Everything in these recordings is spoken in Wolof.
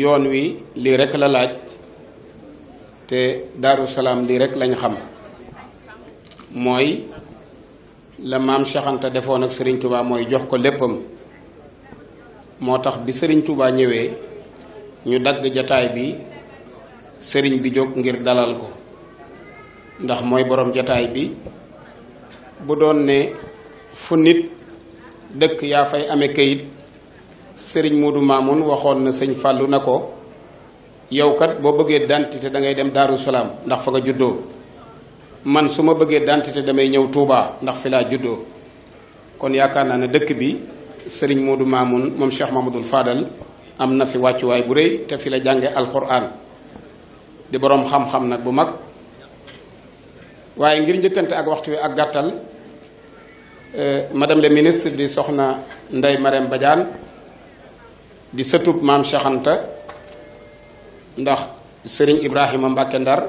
yoon wi lii rekk la laaj te daaru salaam lii rekk lañ xam mooy la maam Cheikh defoon ak Serigne Touba mooy jox ko léppam moo tax bi Serigne Touba ñëwee ñu dagg jataay bi sëriñ bi jóg ngir dalal ko ndax mooy boroom jataay bi bu doon ne fu nit dëkk yaa fay amee kayit. sëriñ Modou Mamoun waxoon na sëñ Fallou na ko yow kat boo bëggee dentité da ngay dem Daaru Salaam ndax fa nga juddoo man su ma bëggee dentité damay ñëw tuubaa ndax fi laa juddoo kon yaakaar naa ne dëkk bi sëriñ Modou Mamoun moom Cheikh Mamadou Fadal am na fi wàccuwaay bu rëy te fi la jànge alxuraan di boroom xam-xam nag bu mag waaye ngir njëkkante ak waxtu wi ak gàttal eh, dem le ministre di soxna Ndeye Marème Badiane di sëtub maam Cheikh ndax sëriñ Ibrahima Mbacke Ndar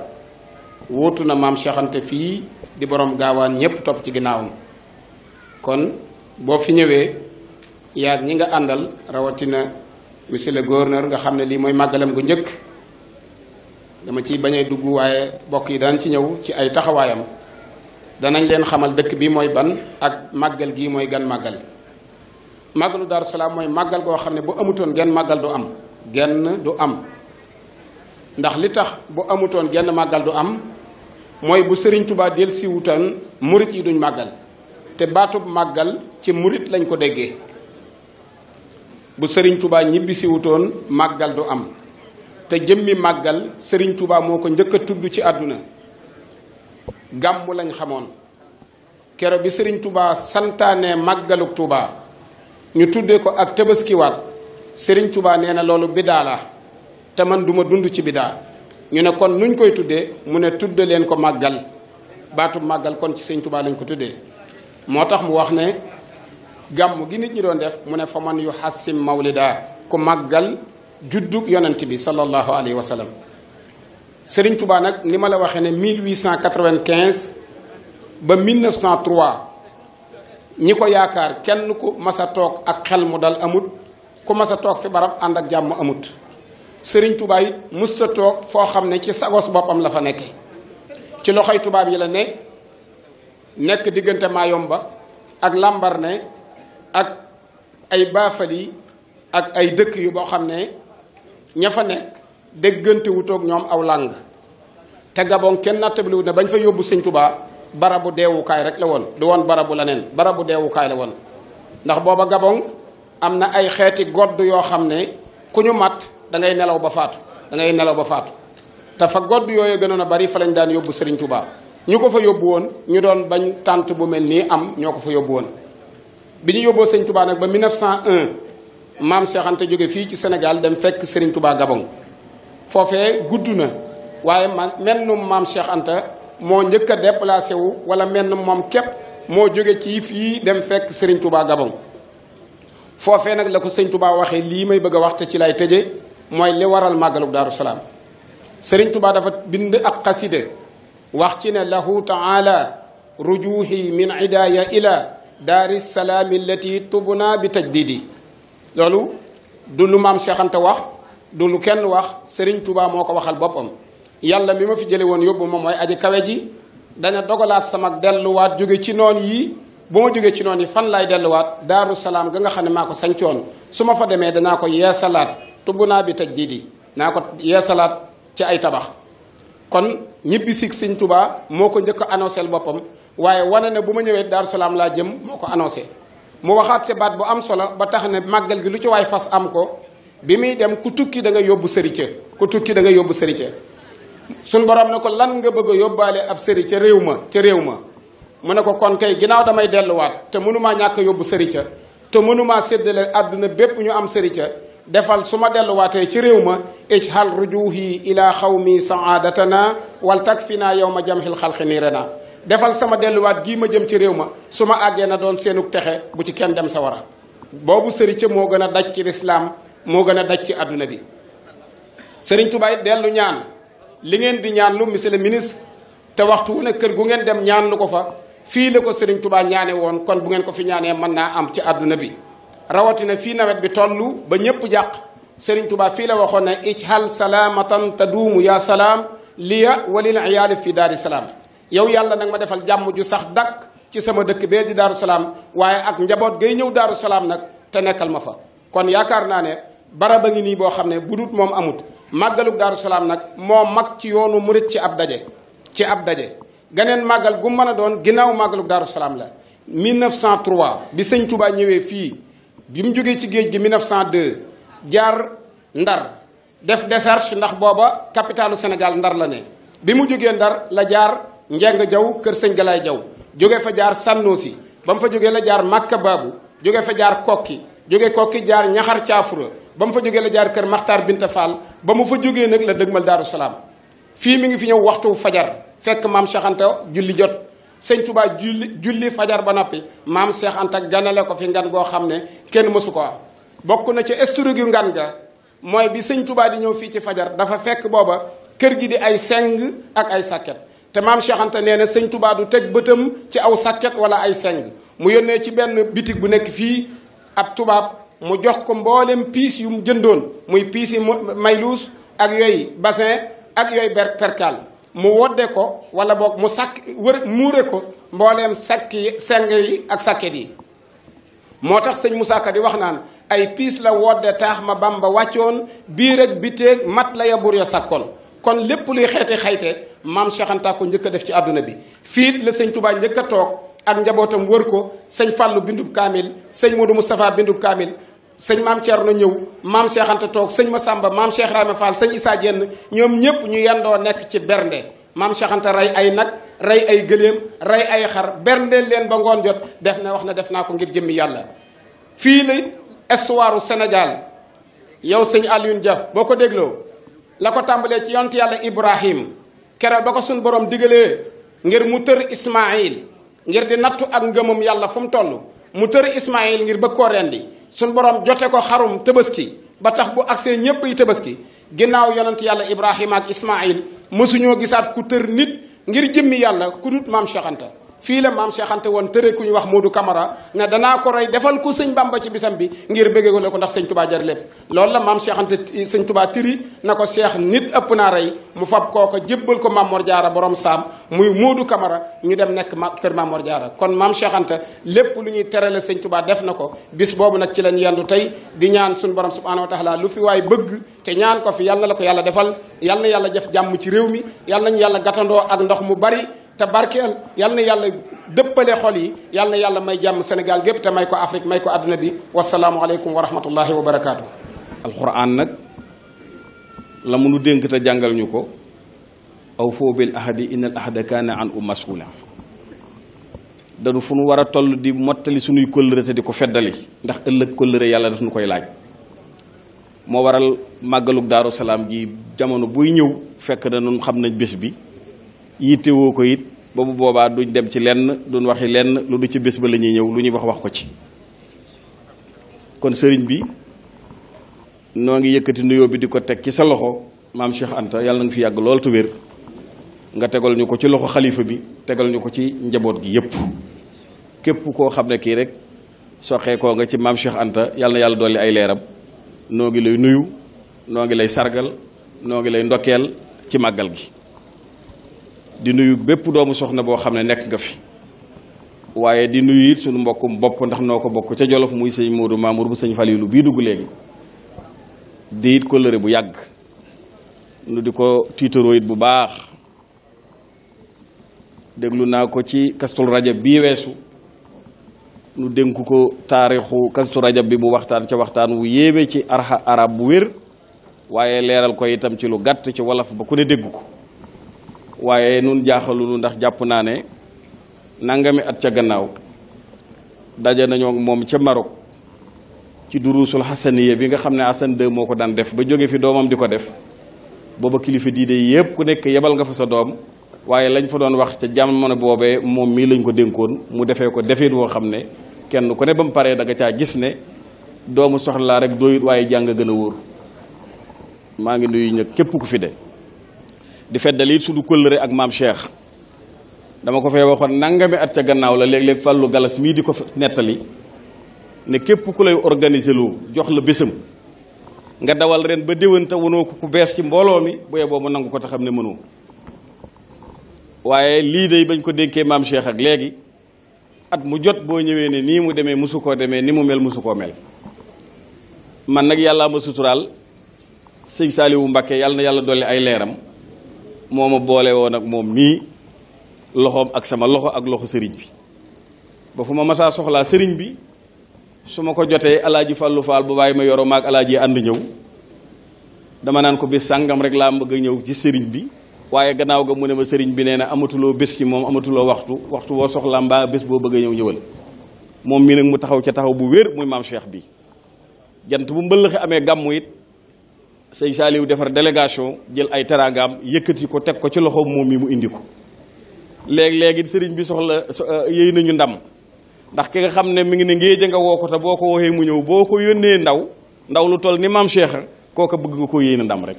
wóotu na maam Cheikh fii di boroom gaawaan ñépp topp ci ginnaawam kon boo fi ñëwee yaag ñi nga àndal rawatina monsieur le gouverneur nga xam ne lii mooy màggalam gu njëkk dama ciy bañ a dugg waaye bokk yi daan ci ñëw ci ay taxawaayam danañ leen xamal dëkk bi mooy ban ak màggal gii mooy gan màggal màggalu Daaru Salaam mooy màggal goo xam ne bu amutoon genn màggal du am genn du am ndax li tax bu amutoon genn màggal am mooy bu Sëriñ Tubaa del siwutan murit yi duñ màggal te baatub màggal ci murit lañ ko déggee bu Sëriñ Tubaa ñibbi siwutoon màggal du am te jëmmi màggal Sëriñ Tubaa moo ko njëkk a tudd ci àdduna gàmmu lañ xamoon kero bi Sëriñ Tubaa santaane màggaluk Tubaa ñu tuddee ko ak tabaskiwaat Serigne Touba nee na loolu bidaa la te man duma dund ci bidaa ñu ne kon nuñ koy tuddee mu ne tudd leen ko màggal baatu màggal kon ci Serigne Touba lañ ko tuddee moo tax mu wax ne gàmm gi nit ñi doon def mu ne fa man yu xassim mawlida ku màggal juddug yonent bi sallallahu alayhi wa sallam Serigne Touba nag ni ma la waxee ne 1895 ba 1903. ñi ko yaakaar kenn ku mas a toog ak xel mu dal amut ku mas a toog fi barab ànd ak jàmm amut sëriñ tubaab it mus sa toog foo xam ne ci sagos boppam la fa nekke ci loxoy tubaab yi la ne nekk diggante Mayomba ak Lambaréné ak ay yi ak ay dëkk yu boo xam ne ña fa nekk déggante wutoog ñoom aw làng te Gabon kenn nattabliwut ne bañ fa yóbbu sëñ tubaa barabu deewukaay rek la woon du woon barabu leneen barabu deewukaay la woon ndax booba Gabon am na ay xeeti godd yoo xam ne ku ñu mat da nelaw ba faatu dangay nelaw ba faatu dafa fa godd yooyu gënoon a bari fa lañ daan yóbbu Serigne Touba ñu ko fa yóbbu woon ñu doon bañ tànt bu mel nii am ñoo ko fa yóbbu woon bi ñu yóbboo Serigne Touba nag ba 1901 maam Cheikh jóge fii ci senegal dem fekk sëriñ tubaa Gabon foofee gudd na waaye man mel nu maam moo njëkk a déplacé wu wala menn moom képp moo jóge ci fii dem fekk sëriñ Touba Gabon foofee nag la ko sëñ Touba waxee lii may bëgg a wax ci lay tëje mooy li waral màggalub Daaru Salaam Serigne Touba dafa bind ak xaside wax ci ne lahu taala rujuhi min idaaya ila daari salaami allati tubna bi tajdidi loolu du lu maam Cheikh Anta wax du lu kenn wax Serigne Touba moo ko waxal boppam yàlla bi ma fi jële woon yóbbu ma mooy aji kawe ji dana dogalaat sama delluwaat jóge ci noon yi bu ma jógee ci noon yi fan laay delluwaat daaru salaam ga nga xam ne maa ko sancoon su ma fa demee danaa ko yeesalaat tubb naa bi taj diidi naa ko yeesalaat ci ay tabax kon ñibbi sig sëñ tubaa moo ko njëkk a annoncé boppam waaye wane ne bu ma ñëwee daaru salaam laa jëm moo ko annoncé mu waxaat ci baat bu am solo ba tax ne màggal gi lu ci waay fas am ko bi muy dem ku tukki da yóbbu sëriñ ku tukki da nga yóbbu sëriñ suñ borom ne ko lan nga bëgg a yóbbaale ab sëri ca réew ma ca réew ma mu ne ko kon kay ginnaaw damay delluwaat te mënuma ñàkk yóbbu sëri ca te mënumaa séddale àdduna bépp ñu am sëri ca defal su ma delluwaatee ci réew ma ijhal rujuhi ila xawmi saadatana wal takfina yow ma jamhil xalqi defal sama delluwaat gii ma jëm ci réew ma su ma àggee na doon seenug texe bu ci kenn dem sa wara boobu sëri ca moo gën a daj ci lislaam moo gën a daj ci àdduna bi sëriñ Tuubaa it dellu ñaan li ngeen di ñaan monsieur le ministre te waxtu wu ne kër gu ngeen dem ñaan ñaanlu ko fa fii la ko Serigne tubaa ñaane woon kon bu ngeen ko fi ñaanee mën naa am ci àdduna bi rawatina fii nawet bi toll ba ñëpp jàq Serigne tubaa fii la waxoon ne ijhal salaamatan taduumu yaa salaam liya walil iyaali fi daari salaam yow yàlla nag ma defal jàmm ju sax dakk ci sama dëkk bee di daaru salaam waaye ak njaboot gay ñëw daaru salaam nag te nekkal ma fa kon yaakaar naa ne barab a ngi nii boo xam ne bu dut moom amut màggalug daaru salaam nag moo mag ci yoonu murit ci ab daje ci ab daje ganeen màggal gu mën a doon ginnaaw màggalug daaru salaam la 1903 bi sëñ Touba ñëwee fii bi mu jógee ci géej gi 1902 jaar ndar def décharge ndax booba capitalu Sénégal ndar la ne bi mu jógee ndar la jaar njeng jaw kër sëñ Galaay jaw jóge fa jaar sànnoosi ba mu fa jógee la jaar Makka Baabu jóge fa jaar kokki jóge kokki jaar ñaxar caafura ba mu fa jógee la jaar kër Maxtaar Binta Fall ba mu fa jógee nag la dëgmal Daaru Salaam fii mu ngi fi ñëw waxtu fajar fekk maam Cheikh julli jot sëñ Touba julli julli fajar ba noppi maam Cheikh Anta ganale ko fi ngan goo xam ne kenn mësu ko bokk na ci historique yu ngan ga mooy bi sëñ tubaa di ñëw fii ci fajar dafa fekk booba kër gi di ay seng ak ay sàkket te maam Cheikh Anta nee na sëñ du teg bëtam ci aw sàkket wala ay seng mu yónnee ci benn bitik bu nekk fii ab tubaab mu jox ko mbooleem piis yu mu jëndoon muy piis yi mayluus ak yooyu bassin ak yooyu ber mu wodde ko wala boog mu sakk wër muure ko mbooleem sakk yi yi ak sakket yi moo tax sañ Moussa Ka di wax naan ay piis la wodde taax ma Bamba wàccoon biir ak biteeg mat la ya bur ya sàkkoon kon lépp luy xeete xayte maam Cheikh ko njëkk def ci àdduna bi fii la sëñ Touba njëkk a toog ak njabootam wër ko sëñ Fallou bindu kaamil sëñ Modou Moustapha bindub kaamil sëñ maam na ñëw maam Cheikh Anta toog sëñ sàmba maam Cheikh Rahma Fall sëñ Issa Dieng ñoom ñëpp ñu yendoo nekk ci bernde maam Cheikh Anta rey ay nag rey ay gëléem rey ay xar berndeel leen ba ngoon jot def na wax na def naa ko ngir jëmmi yàlla. fii la histoire Sénégal yow sëñ Alioune Dia boo ko dégloo la ko tàmbalee ci yonent yàlla Ibrahim keroog ba ko suñu borom digalee ngir mu tër Ismaïl ngir di nattu ak ngëmam yàlla fu mu toll mu tër Ismaïl ngir bëgg koo rendi suñ borom jote ko xarum tabaski ba tax bu agsee ñépp yi tabaski ginnaaw yonent yàlla ibrahima ak ismail mësuñoo gisaat ku tër nit ngir jëmmi yàlla ku dut maam Cheikh fii la maam Cheikh Anta woon tëre ku ñu wax Modou kamara ne danaa ko roy defal ko sëñ Bamba ci bisam bi ngir bëggee ko ne ko ndax sëñ jar lépp loolu la maam Cheikh Anta sëñ Touba tiri na ko Cheikh nit ëpp naa rey mu fab koo ko jébbal ko Maam Mor Jaara borom saam muy Modou kamara ñu dem nekk ma kër Maam Mor Jaara kon maam Cheikh lépp lu ñuy terale sëñ Touba def na ko bis boobu nag ci lañ yendu tey di ñaan suñu borom subhanahu wa taala lu fi waay bëgg te ñaan ko fi yal na la ko yàlla defal yal na yàlla def jàmm ci réew mi nañu yàlla gàttandoo ak ndox mu bari te barkeel yal na yàlla dëppale xol yi yal yàlla may jàmm senegal gépp te may ko Afrique may ko àdduna bi wasalaamualeykum wa rahmatullahi wa barakaatu. alxuraan nag la mu nu dénk te jàngal ñu ko aw foo bil ahadi innal ahada kaana an u masula danu fu nu war a toll di mottali sunuy kóllëre te di ko feddali ndax ëllëg kóllëre yàlla daf nu koy laaj moo waral màggalug daaru salaam gi jamono buy ñëw fekk na nun xam nañ bés bi yittewoo ko yit ba mu boobaa duñ dem ci lenn duñ waxi lenn lu du ci bés ba la ñuy ñëw lu ñuy wax wax ko ci kon sëriñ bi noo ngi yëkkati nuyoo bi di ko teg ci sa loxo maam Cheikh Anta yàlla na fi yàgg lool te nga tegal ko ci loxo xalifa bi tegal ñu ko ci njaboot gi yépp képp koo xam ne kii rek soxee nga ci maam Anta yàlla na yàlla dolli ay leeram noo ngi lay nuyu noo ngi lay sargal noo ngi lay ndokkeel ci màggal gi di nuyu bépp doomu soxna boo xam ne nekk nga fi waaye di nuyu it sunu mbokkum bopp ndax noo ko bokk ca jolof muy sëñ Modou Mamour bu sëñ Falilu bii dugg léegi di it kóllëre bu yàgg nu di ko tiitaroo it bu baax déglu naa ko ci kastu rajab bii weesu nu dénku ko taarixu kastul rajab bi mu waxtaan ca waxtaan wu yéeme ci arxa arab bu wér waaye leeral ko itam ci lu gàtt ci wolof ba ku ne dégg ko waaye nun jaaxalulu ndax jàpp naa ne nangami at ca gannaaw daje nañoo moom ca Maroc ci duruusul xasaniya bi nga xam ne Hassan II moo ko daan def ba jóge fi doomam di ko def booba kilifa diide yëpp ku nekk yebal nga fa sa doom waaye lañ fa doon wax ca jamono boobee moom mii lañ ko dénkoon mu defee ko defeet woo xam ne kenn ku ne ba mu paree da nga caa gis ne doomu soxlaa rek doyut waaye jàng gën a wóor maa ngi nuyu ñëpp képp ku fi de di feddali it suñu kóllëre ak maam Cheikh dama ko fee waxoon nangami at ca gannaaw la léeg-léeg fàllu galas mii di ko nettali ne képp ku lay organiser lu jox la bésam nga dawal ren ba déwante wonoo ko ku bees ci mbooloo mi bu yeboo mu nangu ko te xam ne mënoo waaye lii day bañ ko dénkee maam Cheikh ak léegi at mu jot boo ñëwee ne nii mu demee musu koo demee ni mu mel musu koo mel man nag yàllaa ma suturaal sëñ Saaliwu Mbàkke yàlla na yàlla dolli ay leeram moo ma boole woon ak moom mii loxoom ak sama loxo ak loxo sëriñ bi ba fu ma masaa soxlaa sëriñ bi su ma ko jotee alaaji fàllu faal bu bàyyi ma yoro maag alaaji ànd ñëw dama naan ko bés sàngam rek laa bëgg a ñëw ci sëriñ bi waaye gannaaw ga mu ne ma sëriñ bi nee na amatuloo bés ci moom amatuloo waxtu waxtu woo soxlaa mbaa bés boo bëgg a ñëw ñëwal moom mii nag mu taxaw ca taxaw bu wér muy maam cheikh bi jant bu mbëllëxe amee gàmmu it sëñ Saaliw defar délégation jël ay teraangaam yëkkati ko teg ko ci loxo moom mi mu indi ko léeg-léegi sëriñ bi soxla euh, yëy nañu ndam ndax ki nga xam ne mi ngi ne ngéej nga woo ko te boo ko wooxee mu ñëw boo ko yónnee ndaw ndaw lu toll ni maam Cheikh kooka bëgg nga ko yéy na ndam rek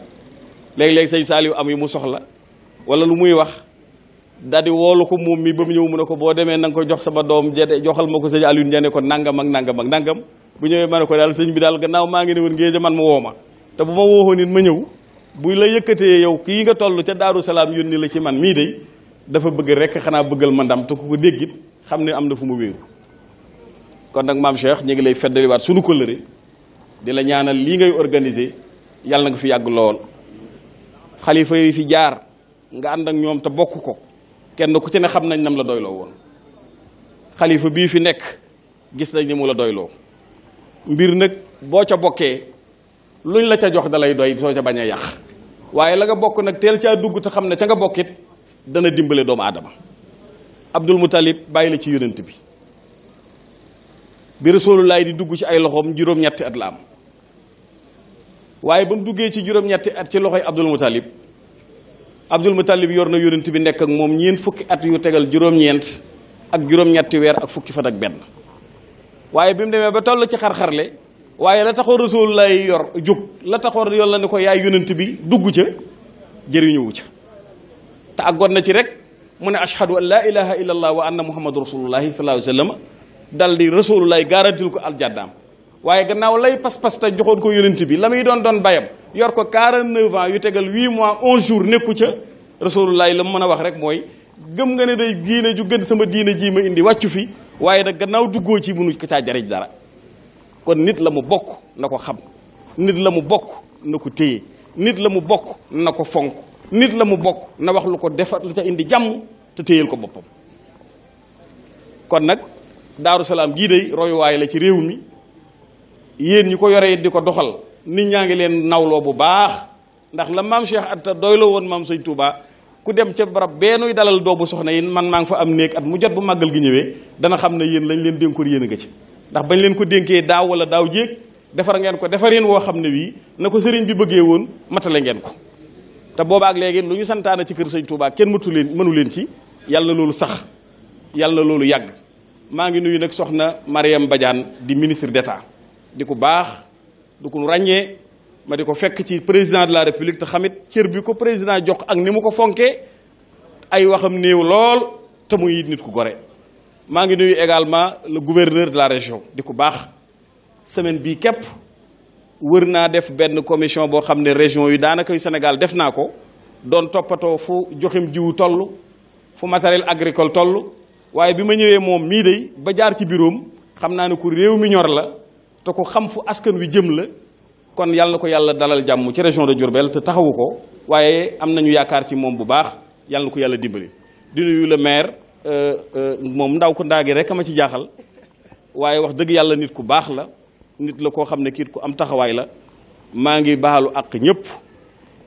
léeg-léeg sëñ Saaliw am yi mu soxla wala lu muy wax daal di woolu ko moom mi ba mu ñëw mu ne ko boo demee na ko jox sama doom jete joxal ma ko sëñ Aliou Ndiané ko nangam ak nangam ak nangam ñëwee ma ne ko daal sëñ bi daal gannaaw maa ngi ne woon ngéej man mu woo ma te bu ma wooxoo nit ma ñëw buy la yëkkatee yow kii nga toll ca daaru salaam yónni la ci man mii de dafa bëgg rek xanaa bëggal ma ndam te ku ko déggit xam ne am na fu mu wéeru kon nag maam Cheikh ñu ngi lay feddaliwaat sunu kóllëre di la ñaanal lii ngay organiser yàlla nga fi yàgg lool xalifa yi fi jaar nga ànd ak ñoom te bokk ko kenn ku ci ne xam nañ nam la doyloo woon xalifa bii fi nekk gis nañ ni mu la doyloo mbir nag boo ca bokkee luñ la ca jox dalay lay doy soo ca bañ a yàq waaye la nga bokk nag teel caa dugg te xam ne ca nga bokkit dana dimbale doomu aadama abdul mutalib bàyyi la ci yonent bi bi rasulullaay di dugg ci ay loxoom juróom-ñetti at la am waaye ba mu duggee ci juróom-ñetti at ci loxoy abdul mutalib abdul mutalib yor na yonent bi nekk ak moom ñeent fukki at yu tegal juróom-ñeent ak juróom-ñetti weer ak fukki fan ak benn waaye bi mu demee ba toll ci xar-xarle waaye la taxoon rasul lay yor jóg la taxoon yoon la ne ko yaay yonent bi dugg ca jëriñuwu ca te àggoon na ci rek mu ne ashhadu an laa ilaha illa allah wa anna muhammadu rasulullahi sallallahu alayhi wa sallam dal di rasululay garantil ko aljaddaam waaye gannaaw lay pas-pas te joxoon ko yonent bi la muy doon doon bayam yor ko 49 ans yu tegal 8 mois 11 jours nekku ca rasululay la mu mën a wax rek mooy gëm nga ne day diine ju gën sama diina jii ma indi wàccu fi waaye nag duggoo ci mënu ko caa jariñ dara kon nit la mu bokk na ko xam nit la mu bokk na ko téye nit la mu bokk na ko fonk nit la mu bokk na wax lu ko defar lu ta indi jàmm te téyel ko boppam kon nag daaru salaam gii dey royuwaay la ci réew mi yéen ñi ko yore di ko doxal nit ñaa ngi leen nawloo bu baax ndax la maam ta Anta la woon maam sëñ Touba ku dem ca barab bee nuy dalal doobu soxna yi man maa ngi fa am néeg at mu jot bu màggal gi ñëwee dana xam ne yéen lañ leen dénkoon yéen a nga ci ndax bañ leen ko dénkee daaw wala daaw jéeg defar ngeen ko defareen woo xam ne wii na ko sëriñ bi bëggee woon matale ngeen ko te ak léegi lu ñu santaana ci kër sëñ Touba kenn mëtu leen mënu leen ci yàlla na loolu sax yàlla na loolu yàgg maa ngi nuyu nag soxna Mariam Badiane di ministre d'État di ko baax du ko ràññee ma di ko fekk ci président de la république te xamit cër bi ko président jox ak ni mu ko fonkee ay waxam néew lool te muy nit ku gore maa ngi nuy également le gouverneur de la région di ku baax semaine bii képp wër naa def benn commission boo xam ne région yi daanaka Sénégal def naa ko doon toppatoo fu joxim jiw toll fu matériel agricole toll waaye bi ma ñëwee moom mii day ba jaar ci biroom xam naa ne ku réew mi ñor la te ku xam fu askan wi jëm la kon yàlla ko yàlla dalal jàmm ci région de Diourbel te taxawu ko waaye am na ñu yaakaar ci moom bu baax yàlla ko yàlla dimbali di Euh, euh, moom ndaw ko ndaa gi rek ma ci jaaxal waaye wax dëgg yàlla nit ku baax la nit la koo xam ne kiit ku am taxawaay la maa ngi baalu àq ñëpp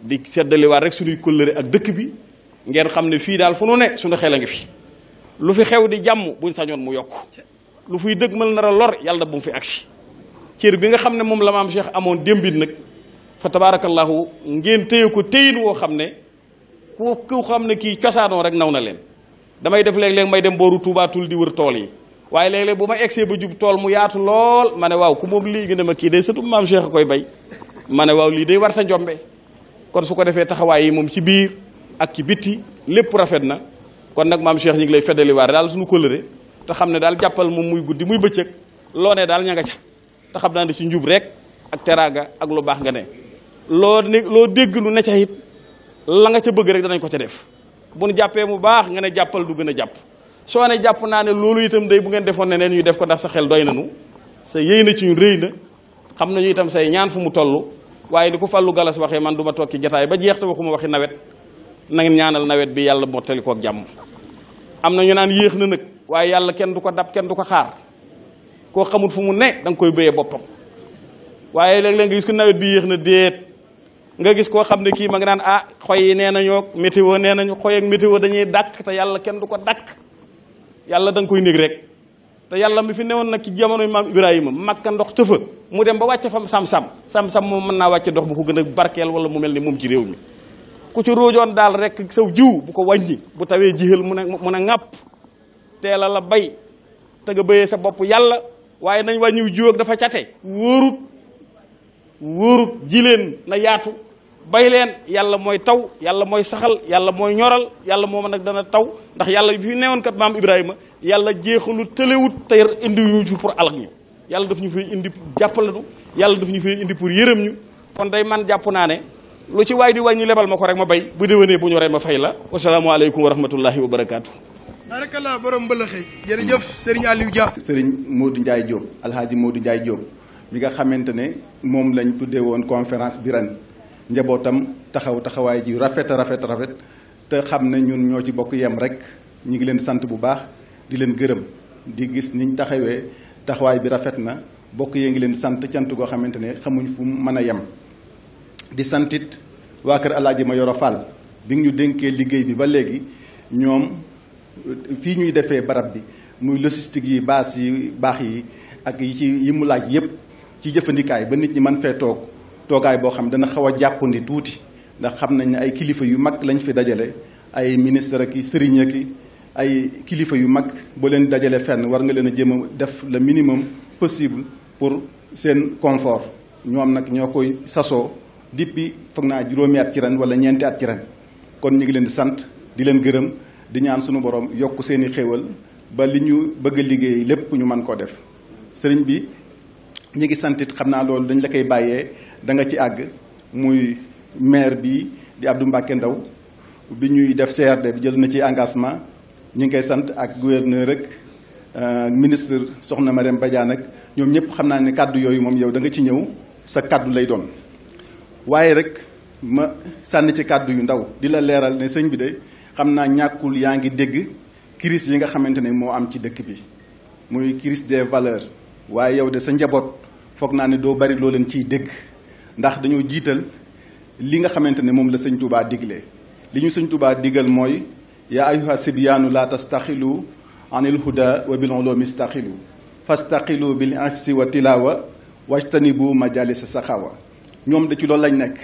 di seddaliwaat rek suñuy kóllëre ak dëkk bi ngeen xam ne fii daal fu nu ne suñu xel a ngi lu fi xew di jàmm buñ sañoon mu yokk lu fuy dëgmal nar a lor yàlla mu fi agsi cër bi nga xam ne moom la maam Cheikh amoon démbit nag fa tabaarakallaahu ngeen téye ko téyin woo xam ne ku ku xam ne kii cosaanoo rek naw na leen damay def léeg-léeg may dem booru Touba di wër tool yi waaye léeg-léeg bu ma egsee ba jub tool mu yaatu lool ma ne waaw ku moom lii nga ne ma kii day sëtu maam a koy bay ma ne waaw lii day war ta njombe kon su ko defee taxawaay yi moom ci biir ak ci bitti lépp rafet na kon nag maam Cheikh ñu ngi lay feddaliwaare daal suñu kóllëre te xam ne daal jàppal moom muy guddi muy bëccëg loo ne daal ña nga ca te xam naa ne ci njub rek ak teraanga ak lu baax nga ne loo ne loo dégg lu ca it la nga ca bëgg rek danañ ko ca def bu nu jàppee mu baax nga ne jàppal du gën a jàpp soo ne jàpp naa ne loolu itam day bu ngeen defoon ne neen ñu def ko ndax sa xel doy nu sa yéy na ci ñu rëy na xam nañu itam say ñaan fu mu toll waaye li ko fàllu galas waxee man du ma toog ci jataay ba jeex te waxuma waxi nawet na ñaanal nawet bi yàlla mottali koog na ñu naan yéex na nag waaye yàlla kenn du ko dab kenn du ko xaar koo xamul fu mu ne danga koy béyee boppam waaye léeg-léeg nga gis ko nawet bi yéex na déet nga gis koo xam ne kii ma ngi naan ah xoy yi nee nañoo météo nee nañu xoy ak météo dañuy dàkk te yàlla kenn du ko dàkk yàlla danga koy néeg rek te yàlla mi fi newoon nag ci jamonoy maam Ibrahima makka ndox tëfa mu dem ba wàcce fam sam-sam sam-sam moom mën naa wàcce ndox bu ko gën a barkeel wala mu mel ni moom ci réew mi ku ci róojoon daal rek sa jiw bu ko wàññi bu tawee jixal mu ne mu ne ŋàpp teel a la bay te nga béyee sa bopp yàlla waaye nañ wàññiw jiw dafa cate wóorut wóorut ji na yaatu bay leen yàlla mooy taw yàlla mooy saxal yàlla mooy ñoral yàlla moo man nag dana taw ndax yàlla bi fi newoon kat maam Ibrahima yàlla jeexalu tëlewut te indi ñu fi pour alak ñu yàlla daf ñu fay indi jàppale nu yàlla daf ñu fay indi pour yërëm ñu kon dey man jàpp naa ne lu ci waay di wàññi lebal ma ko rek ma bay bu déwénee bu ñu ree ma fay la wasalaamaaleykum wa rahmatullahi wa barakaatu. barakallah borom mbëlëxëy jërëjëf Serigne Aliou Dia. Serigne Modou Ndiaye Diop Alhaji Modou Ndiaye Diop mi nga xamante ne moom lañ tuddee woon conférence bi ren njabootam taxaw taxawaay ji rafet rafet rafet te xam ne ñun ñoo ci bokk yem rek ñu ngi leen sant bu baax di leen gërëm di gis niñ taxawee taxawaay bi rafet na bokk yee ngi leen sant cant goo xamante ne xamuñ fu mën a yem. di santit waa kër Alaaji Mayoro Fall bi ñu dénkee liggéey bi ba léegi ñoom fii ñuy defee barab bi muy logistique yi baas yi baax yi ak yi ci yi mu laaj yépp ci jëfandikaay ba nit ñi mën fee toog. toogaay boo xam dana xaw a jàppandi tuuti ndax xam nañ ne ay kilifa yu mag lañ fi dajale ay ministre ak i sëriñ ak ay kilifa yu mag boo leen dajale fenn war nga leen a jéem a def le minimum possible pour seen confort ñoom nag ñoo koy sasoo depuis foog naa juróomi at ci ren wala ñeenti at ci ren kon ñu ngi leen di sant di leen gërëm di ñaan suñu borom yokk seen i xéewal ba li ñu bëgg liggéey lépp ñu mën koo def sëriñ bi ñu ngi santit xam naa loolu dañ la koy bàyyee da nga ci àgg muy maire bi di Abdou Mbacké Ndaw bi ñuy def CRD bi jël na ci engagement ñu ngi koy sant ak gouverneur ak euh, ministre soxna Mariam Badiane ak ñoom ñëpp xam naa ne kàddu yooyu moom yow danga ci ñëw sa kàddu lay doon waaye rek ma sànni ci kàddu yu ndaw di la leeral ne sëñ bi de xam naa ñàkkul yaa ngi dégg crise yi nga xamante ni moo am ci dëkk bi muy crise de valeur waaye yow de sa njaboot foog naa ne doo bari loo leen ciy dégg ndax dañoo jiital li nga xamante ne moom la sëñ Touba digle li ñu sëñ Touba digal mooy yaa ayuha sibyaanu la tastaxilu anil huda wa bil ulumi staxilu fastaxilu bil ifsi wa tilaawa wajtanibu majalisa saxawa ñoom da ci loolu lañ nekk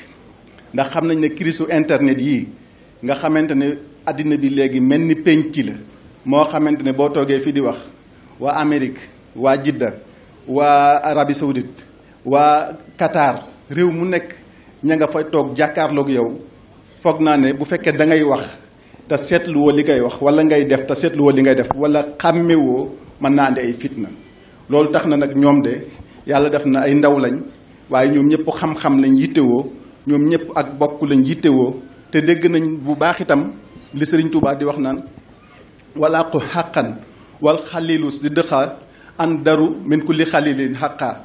ndax xam nañ ne crise internet yi nga xamante ne àddina bi léegi mel ni penc la moo xamante ne boo toogee fii di wax waa Amérique waa Jidda waa Arabie Saoudite waa Qatar réew mu nekk ña nga fa toog jàkkaarloog yow foog naa ne bu fekkee da ngay wax te seetluwoo li ngay wax wala ngay def te seetluwoo li ngay def wala xàmmewoo mën naa andi ay fitna loolu tax na nag ñoom de yàlla def na ay ndaw lañ waaye ñoom ñëpp xam-xam lañ yittewoo ñoom ñëpp ak bokk lañ yittewoo te dégg nañ bu baax itam li Sëriñ Tuubaa di wax naan wala ko xàqan wal xalilu si dëxa an daru li kulli xalilin xaqaa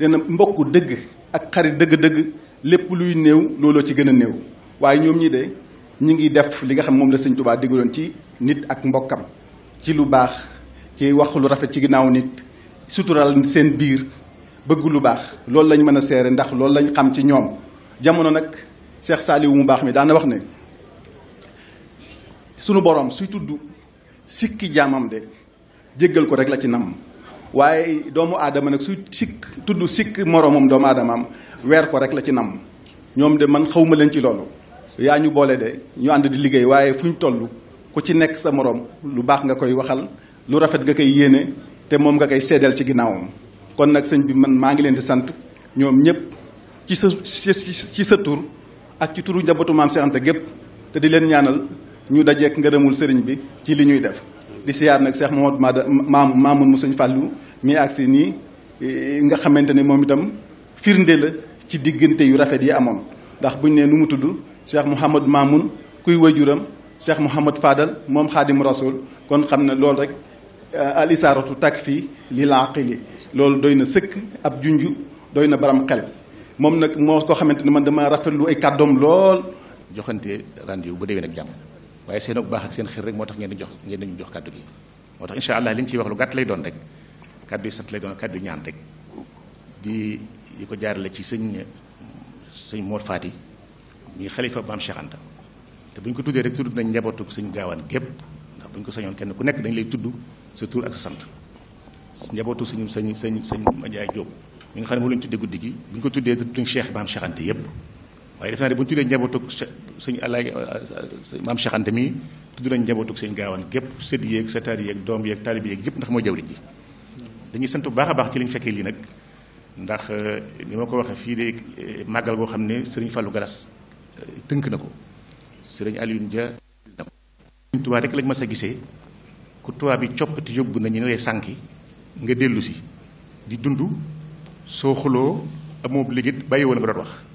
nee na mbokk dëgg ak xarit dëgg-dëgg lépp luy néew looloo ci gën a néew waaye ñoom ñi de ñu ngi def li nga xam moom la sëñ Tuubaa digaloon ci nit ak mbokkam ci lu baax ci wax lu rafet ci ginnaaw nit sutural seen biir bëgg lu baax loolu lañ mën a seere ndax loolu lañ xam ci ñoom jamono nag Cheikh Saliou mu baax mi daana wax ne sunu boroom suy tudd sikki jaamam de jéggal ko rek la ci namm waaye doomu aadama nag su sikk tudd sikk moromam doomu aadamaam weer ko rek la ci nam ñoom de man xawma leen ci loolu yaa ñu boole de ñu ànd di liggéey waaye fu ñu toll ku ci nekk sa moroom lu baax nga koy waxal lu rafet nga koy yéene te moom nga koy seddal ci ginnaawam kon nag sëñ bi man maa ngi leen di sant ñoom ñëpp ci sa ci sa tur ak ci turu njabootu maam Seex gépp te di leen ñaanal ñu dajeek ngërëmul sëriñ bi ci li ñuy def di siyaar nag Cheikh Mamadou Mada maam maamun mu sañ Fallou mi ak si nii eh, nga xamante ne moom itam firnde la ci diggante yu rafet yi amoon ndax buñ nee nu mu tudd Cheikh Mouhamad Mamoun kuy wajuram Cheikh Mouhamad Fadal moom xaadim rasul kon xam ne lool rek eh, al isaaratu takfi li laaqili loolu doy na sëkk ab junj doy na baram xel moom nag moo ko xamante ne man dama rafetlu ay kàddoom lool joxante rendez bu déwén ak jàmm waaye seen ak baax ak seen xir rek moo tax ngeen di jox ngeen di jox kàddu gi moo tax incha allah liñ ñu ciy wax lu gàtt lay doon rek kàddu yi sant lay doon kàddu yi ñaan rek di di ko jaarale ci sëñ sëñ Mor Fati muy xalifa Maam Cheikh Anta te bu ko tuddee rek tudd nañ njabootu sëñ gaawaan gépp ndax bu ñu ko sañoon kenn ku nekk dañ lay tudd sa tur ak sa sant njabootu sëñ sëñ sëñ sëñ Mandiaye Diop mi nga xam ne moom la ñu tuddee guddi gi bu ñu ko tuddee tudd nañ Cheikh Maam Cheikh Anta yëpp waaye def naa ne bu ñu tuddee njabootug sëñ alaay euh, euh, maam Cheikh Anta mi tudd sëñ gaawaan gépp sët doom yeeg taalib yeeg yëpp ndax mooy jawriñ ji dañuy sant bu baax a baax ci li fekkee lii nag ndax euh, ni ma ko waxee fii de màggal goo xam ne sëriñ Fallou Galas tënk na ko sëriñ Alioune Dia rek lañ ma sa gisee ku Tuubaa bi coppati yóbbu nañu ne lay sànki nga dellu si di dund soo xuloo amoo ligit bàyyi woon nga doon wax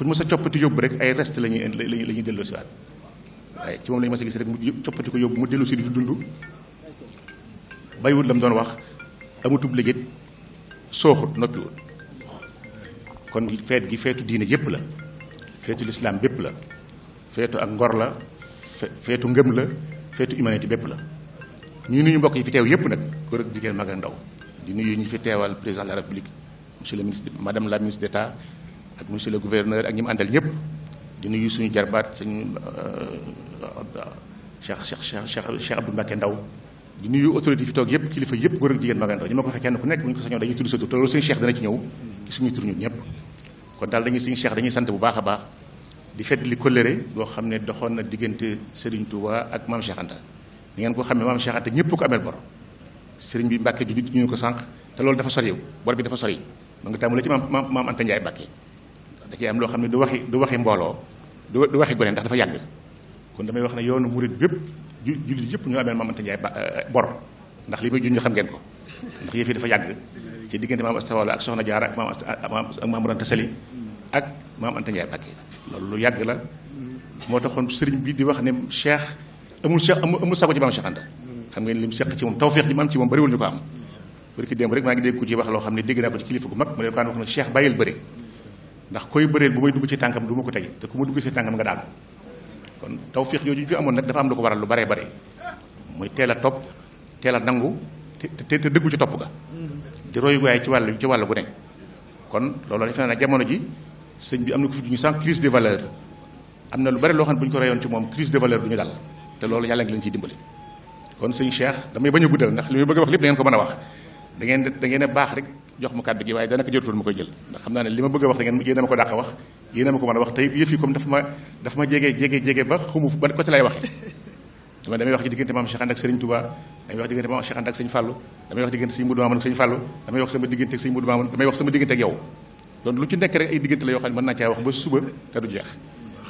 kuñ mës a coppati yóbbu rek ay reste la ñuy la ñuy delloo si waat waaye ci moom la ñu a gis rek mu coppati ko yóbbu mu dellu si di dund bàyyiwut la mu doon wax amutub léegit sooxut noppiwut kon feet gi feetu diine yépp la feetu lislaam bépp la feetu ak ngor la feetu ngëm la feetu humanité bépp la ñu nuyu mbokk yi fi teew yépp nag góor ak jigéen mag ndaw di nuyu ñu fi teewal président de la république monsieur le ministre madame la ministre d'état ak monsieur le gouverneur ak ñi mu àndal ñëpp di nuyu suñu jarbaat suñu euh, Cheikh Cheikh Cheikh Cheikh Abdou Mbacké Ndaw di nuyu autorité fi toog yëpp kilifa yëpp góor ak jigéen mag ndaw ni ma ko waxee kenn ku nekk bu ñu ko sañoo dañuy tudd sa tur te loolu suñu Cheikh dana ci ñëw suñu tur ñun ñëpp kon daal dañu suñu Cheikh dañuy sant bu baax a baax di fedd li koléré boo xam ne doxoon na diggante Serigne Touba ak maam Cheikh Anta ni ngeen ko xamee maam Cheikh ñëpp ko amel bor Serigne bi Mbacké ju ñu ko sànq te loolu dafa sori bor bi dafa sori ma nga tàmbalee ci maam maam da am loo xam ne du waxi du waxi mbooloo du du waxi gone dafa yàgg kon damay wax ne yoonu murit bépp jullit yëpp ñoo amee Maam Anta Njaay eh, bor ndax li may junj xam ngeen ko ndax yëf yi dafa yàgg ci diggante maam Asta ak Soxna Jaara ak maam ak maam Mor Anta ak maam Anta Njaay Mbàkke loolu lu yàgg la moo taxoon sëriñ bi di wax ne cheikh amul cheikh amul sago ci maam Cheikh Anta xam ngeen lim seq ci moom tawféex ji mu ci moom bëriwul ñu ko am bëriki démb rek maa dégg ku ci wax loo xam ne dégg naa ko ci kilifa gu mag mu ne kaan wax ne cheikh bàyyil bëri ndax koy bëreel bu may dugg ci tànkam du ma ko tey te ku ma dugg ci tànkam nga daal kon tawfiix jooju fi amoon nag dafa am lu ko waral lu baree bare muy teel a topp teel a nangu te te te dëggu ci topp ga di royu waaye ci wàllu ci wàllu gu ne kon loolu defe naa ne jamono ji sëñ bi am na ko fi du ñu sànq crise de valeur am na lu bari loo xam ne bu ñu ko reyoon ci moom crise de valeur du ñu dal te loolu yàlla ngi leen ciy dimbali kon sëñ Cheikh damay bañ a guddal ndax li muy lépp da ko mën a wax da ngeen da ngeen a baax rek jox ma kàddu gi waaye danaka jotul ma koy jël ndax xam naa ne li ma bëgg a wax da ngeen yéen a ko dàq wax yéen a ko mën a wax tey yëf yi comme daf ma daf ma jege jege jege ba xumu ban côté lay waxee dama damay wax ci diggante maam Cheikh Anta ak Serigne Touba damay wax diggante maam Cheikh Anta sama diggante ak yow loolu lu ci nekk rek ay diggante la yoo xam ne mën naa caa wax ba suba te du jeex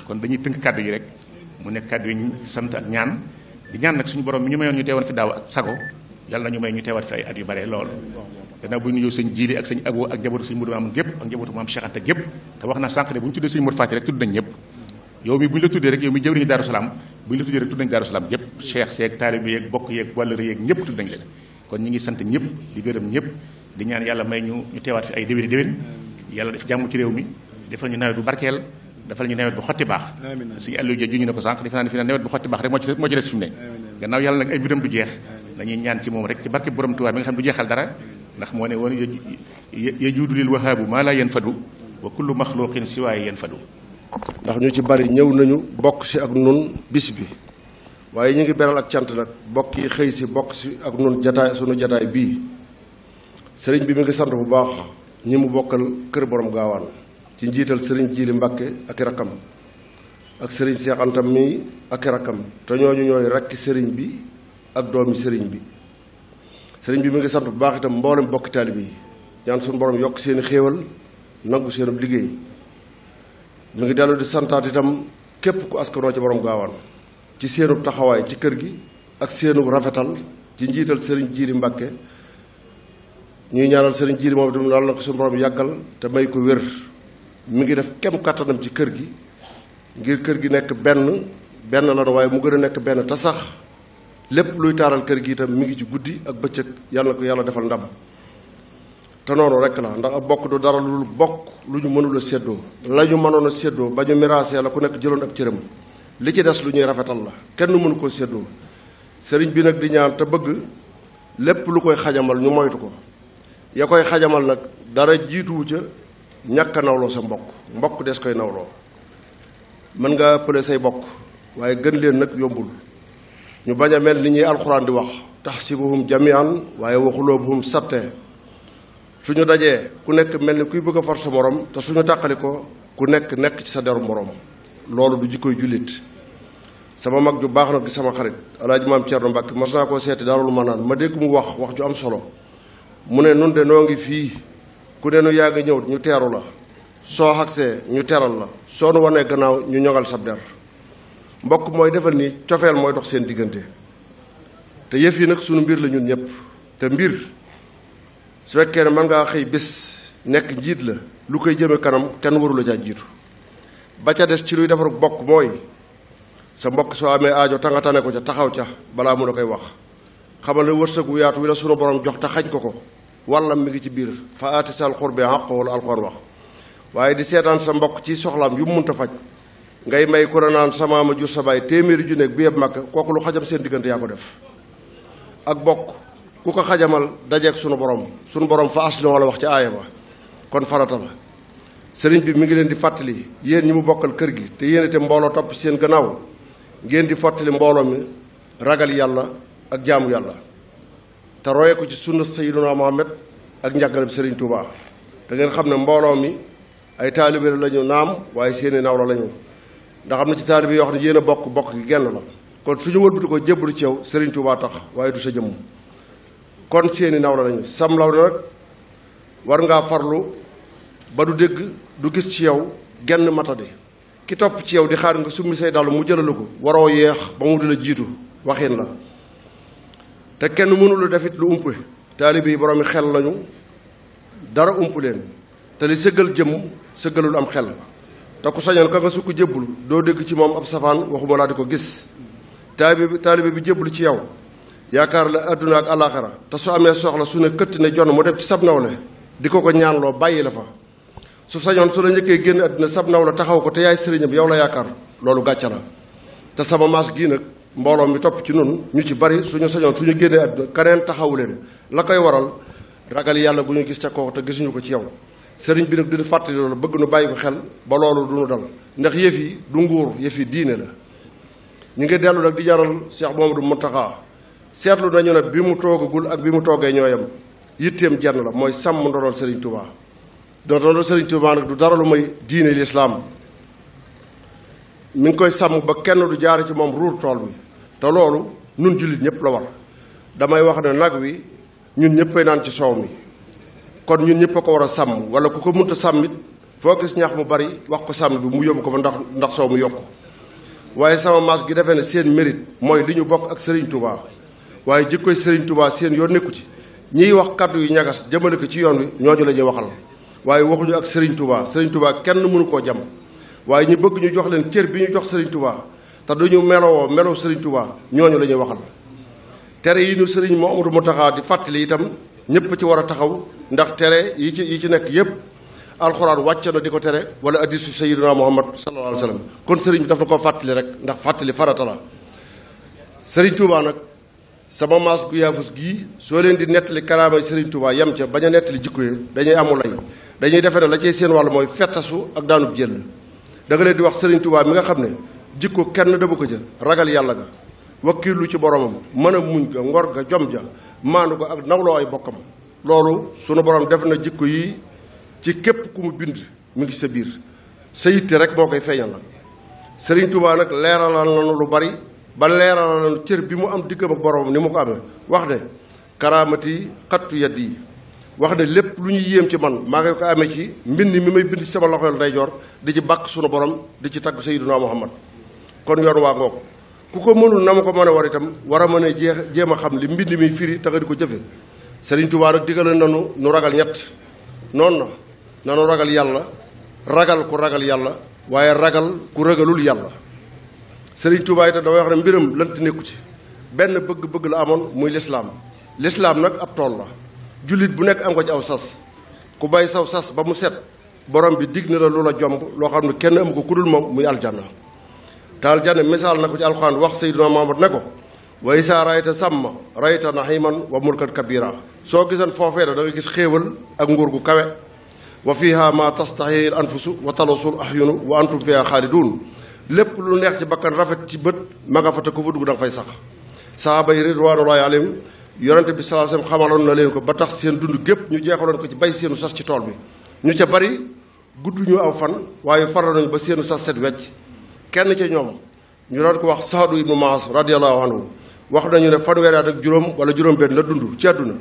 kon dañuy tënk kàddu yi rek mu nekk kàddu yi ñu sant ak ñaan ñaan nag suñu borom mi ñu mayoon ñu teewoon fi daaw ak sago yàlla na ñu may ñu teewaat fi ay at yu bare lool gannaaw bu ñu nuyoo sëñ jiili ak sëñ agoo ak njabootu sëñ Modou Maam gépp ak njabootu Maam Cheikh gépp te wax na sànq ne bu ñu tuddee sëñ Modou Faty rek tudd nañ ñëpp yow mi ñëpp tudd ñaan yàlla may ñu teewaat fi ay déwéni déwén yàlla def jàmm ci réew mi defal ñu nawet bu barkeel defal ñu nawet bu xotti baax sëñ Aliou Dia juñu ko sànq defe naa fi ne nawet bu xotti baax rek moo ci des fi mu ne gannaaw yàlla nag ay mbiram du jeex dañuy ñaan ci moom rek ci barke borom Tuubaa bi nga xam du jeexal dara ndax moo ne woon yajuudu lil wahaabu maa laa yanfadu wa kullu maxluqin siwaaye yanfadu ndax ñu ci bari ñëw nañu bokk si ak nun bis bi waaye ñu ngi beral ak cant nag bokk yi xëy si bokk si ak nun jataay sunu jataay bii sëriñ bi mu ngi sant bu baax ñi mu bokkal kër borom gaawaan ci njiital sëriñ Jiili Mbàkke ak rakkam ak sëriñ Seex Anta mi ak i rakkam te ñooñu ñooy rakki sëriñ bi ak doomi sëriñ bi sëriñ bi mi ngi sant bu baax itam mboolem bokki taalibe yi ñaan suñu borom yokk seen i xéewal nangu seenub liggéey mu ngi dellu di santaat itam képp ku askanoo ci borom gaawaan ci seenu taxawaay ci kër gi ak seenub rafetal ci njiital sëriñ jiiri mbàkke ñuy ñaanal sëriñ jiiri moom itam daal na ko suñu borom yàggal te may ko wér mu ngi def kem kàttanam ci kër gi ngir kër gi nekk benn benn la waaye mu gën a nekk benn te sax lépp luy taaral kër gi itam mu ngi ci guddi ak bëccëg yàlla na ko yàlla defal ndam te noonu rek la ndax ab bokk du dara lu bokk lu ñu mënul a séddoo la ñu mënoon a séddoo ba ñu miraasee la ku nekk jëloon ak cëram li ci des lu ñuy rafetal la kenn mënu koo séddoo sëriñ bi nag di ñaan te bëgg lépp lu koy xajamal ñu moytu ko ya koy xajamal nag dara jiituwu ca ñàkk a nawloo sa mbokk mbokk des koy nawloo mën nga pële say bokk waaye gën leen nag yombul ñu bañ a mel ni ñuy alxuraan di wax taxsibuhum jamian waaye waxuloobuhum satte suñu dajee ku nekk mel ni kuy bëgg a far sa morom te suñu tàqali ko ku nekk nekk ci sa deru morom loolu du jikkoy jullit sama mag ju baax nag di sama xarit alaaji maam Cerno Mbàkke mas naa koo seeti daarul manaan ma dégg mu wax wax ju am solo mu ne nun de noo ngi fii ku ne nu yaa ngi ñëw ñu teeru la soo xagsee ñu teral la soo nu wanee gannaaw ñu ñoŋal sab der mbokk mooy defal ni cofeel mooy dox seen diggante te yëf yi nag sunu mbir la ñun ñëpp te mbir su fekkee ne mën ngaa xëy bés nekk njiit la lu koy jëme kanam kenn waru la caa ba ca des ci luy defaru bokk mooy sa mbokk soo amee aajo tangatane ko ca taxaw ca balaa mu la koy wax xamal ne wërsëg wu yaatu wi la sunu borom jox te xañ ko ko wàllam mi ngi ci biir fa aati sal bi àq wala alxuraan wax waaye di seetaan sa mbokk ci soxlaam yu mu munta faj ngay may ku la naan sama ma jur sa baay téeméeri ju nekk bi yëpp màkk kooku lu xajam seen diggante yaa ko def ak bokk ku ko xajamal dajeeg sunu borom sunu borom fa aslimoo la wax ci aaya ba kon farata la sëriñ bi mu ngi leen di fàttali yéen ñi mu bokkal kër gi te yéen itam mbooloo topp seen gannaaw ngeen di fàttali mbooloo mi ragal yàlla ak jaamu yàlla te roye ko ci sunna sayyiduna Muhammad ak njàngalem sëriñ Touba da ngeen xam ne mbooloo mi ay taalibe lañu naam waaye seeni nawla lañu ndax am na ci taalibe yoo xam ne yéen a bokk bokk gi genn la kon suñu wëlbati ko jébbalu ci yow Serigne Touba tax waaye du sa jëmm kon seeni naw la nañu sam law na nag war ngaa farlu ba du dégg du gis ci yow genn matadi ki topp ci yow di xaar nga summi say dàll mu jëlalu ko waroo yeex ba mu di la jiitu waxin la te kenn mënul defit lu ump taalibe yi boroomi xel lañu dara ump leen te li sëggal jëmm sëggalul am xel te ku sañoon ka nga sukk jébbul doo dégg ci moom ab safaan waxuma laa di ko gis taalibe bi taalibe bi jébbul ci yow yaakaar la àdduna ak alaxara te su amee soxla su ne këtt ne jonn mu dem ci sab nawle di ko ko ñaanloo bàyyi la fa su sañoon su la njëkkee génn adduna sab nawle taxaw ko te yaay sëriñam yow la yaakaar loolu gàcce la te sama maas gii nag mbooloo mi topp ci nun ñu ci bari suñu sañoon ñu génnee adduna keneen taxawu leen la koy waral ragal yàlla bu ñu gis ca te gisuñu ko ci yow sëriñ bi nag duñu fàttali loolu bëgg nu bàyyi ko xel ba loolu duñu dal ndax yëf yi du nguur yëf yi diine la ñu ngi dellu nag di jaral Cheikh du Mountakha seetlu nañu ne bi mu toogagul ak bi mu toogee ñooyam yitteem jenn la mooy sàmm ndonol sëriñ Touba ndonol sëriñ du dara lu may diine lislaam mi ngi koy sàmm ba kenn du jaar ci moom ruur tool bi te loolu nun jullit ñëpp la war damay wax ne nag wi ñun ñëppay naan ci soow mi kon ñun ñëpp a ko war a sàmm wala ku ko munta sàmm foo gis ñax mu bari wax ko sàmm bi mu yóbbu ko fa ndax ndax soo mu yokk waaye sama maas gi defee ne seen mérite mooy li ñu bokk ak sëriñ tubaa waaye jikkoy sëriñ tubaa seen yoon nekku ci ñiy wax kàddu yu ñagas jëmale ko ci yoon wi ñooñu la ñuy waxal waaye waxuñu ak sëriñ Touba Serigne tubaa kenn mënu koo jam waaye ñu bëgg ñu jox leen cër bi ñu jox Serigne Touba te duñu meloo meloo Serigne Touba ñooñu la waxal tere yi ñu Serigne Mouhamadou Mountakha di fàttali itam ñëpp ci war a taxaw ndax tere yi ci yi ci nekk yëpp alxuraan wàcc na di ko tere wala hadiisu sayyidina muhammad sallallahu alayhi wa kon sëriñ bi daf na ko fàttali rek ndax fàttali farata la sëriñ Touba nag sama maas gu yaafus gii soo leen di nettali karaamay sëriñ Touba yem ca bañ a nettali jikko yi dañuy amul lay dañuy defee ne la cay seen wàll mooy fettasu ak daanub jël danga leen di wax sëriñ Touba mi nga xam ne jikko kenn dabu ko ja ragal yàlla ga wakkiilu ci boromam mën a muñ ga jom ja maandu ko ak nawloo ay bokkam loolu sunu borom def na jikko yi ci képp ku mu bind mu ngi sa biir sa yitte rek moo koy feeñal nag Sëriñ Tuubaa nag leeralal nañu lu bari ba leeralal nañu cër bi mu am diggam ak boromam ni mu ko amee wax ne karaamati xattu yadd yi wax ne lépp lu ñuy yéem ci man maa ngi ko amee ci mbind mi may bind ci sama loxool ndeyjoor di ci bàkk sunu borom di ci tagg Sayyiduna Muhammad kon yoon waa ko ku ko mënul na ma ko mën a war itam war a mën a jeex jéem a xam li mbind mi firi tax di ko jëfe Sëriñ Tuubaa nag digale nanu nu ragal ñett noonu na nanu ragal yàlla ragal ku ragal yàlla waaye ragal ku ragalul yàlla Sëriñ Tuubaa itam dafay wax ne mbiram lënt nekku ci benn bëgg-bëgg la amoon muy lislaam lislaam nag ab tool la jullit bu nekk am ko ci aw sas ku bay saw sas ba mu set borom bi digg na la lu la jomb loo xam ne kenn amu ko ku dul moom muy aljanna taal jane misaal na ko ci alxuraan wax sayyiduna Muhammad ne ko wa sa rayta sàmma rayta naximan wa mulkan kabira soo gisan foofee da nga gis xéewal ak nguur gu kawe wa fiha ma tastahi al anfusu wa talasul ahyunu wa antum fiha xaalidun lépp lu neex ci bakkan rafet ci bët ma nga fa te ku dugg da nga fay sax sahaaba yi ridwanullahi alayhim yonente bi sallallahu alayhi a xamaloon na leen ko ba tax seen dund gépp ñu jeexaloon ko ci bay seenu sas ci tool bi ñu ca bari gudd ñu fan waaye faral nañu ba seenu sas set wecc kenn ci ñoom ñu doon ko wax Saadu ibnu Maas radiallahu anhu wax nañu ne fanweeri at ak juróom wala juróom-benn dund ci àdduna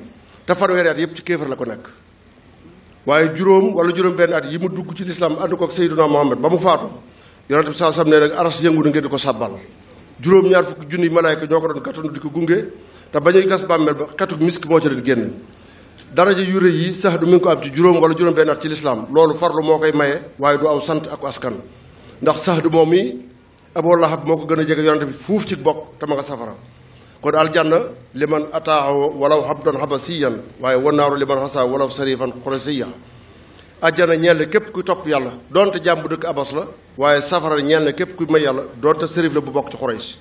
te fanweeri at yëpp ci kéefar la ko nekk waaye juróom wala juróom-benn at yi mu dugg ci lislaam ànd ko ak Seydina Muhammad ba mu faatoo yonent bi saa sam ne nag aras yëngu na ngeen di ko sabbal juróom-ñaar fukki junni malaayka ñoo ko doon gàttandu di ko gunge te ba ñuy gas bàmmeel ba xetu misk moo ci leen génn daraja yu rëy yi sax du mi ngi ko am ci juróom wala juróom-benn at ci lislaam loolu farlu moo koy maye waaye du aw sant ak askan ndax sax saxdu moom mi aboo lahab moo ko gën a jege yonante bi fuuf ci bokk te ma nga safara kon aljanna li man doon walaw habdan habasiyan waaye wanaaru li man xasaa walaw sarifan xurasiya ajjana ñeel képp ku topp yàlla donte jàmm bu dëkk abas la waaye safara ñeel képp ku may yàlla donte sërif la bu bokk ci xurays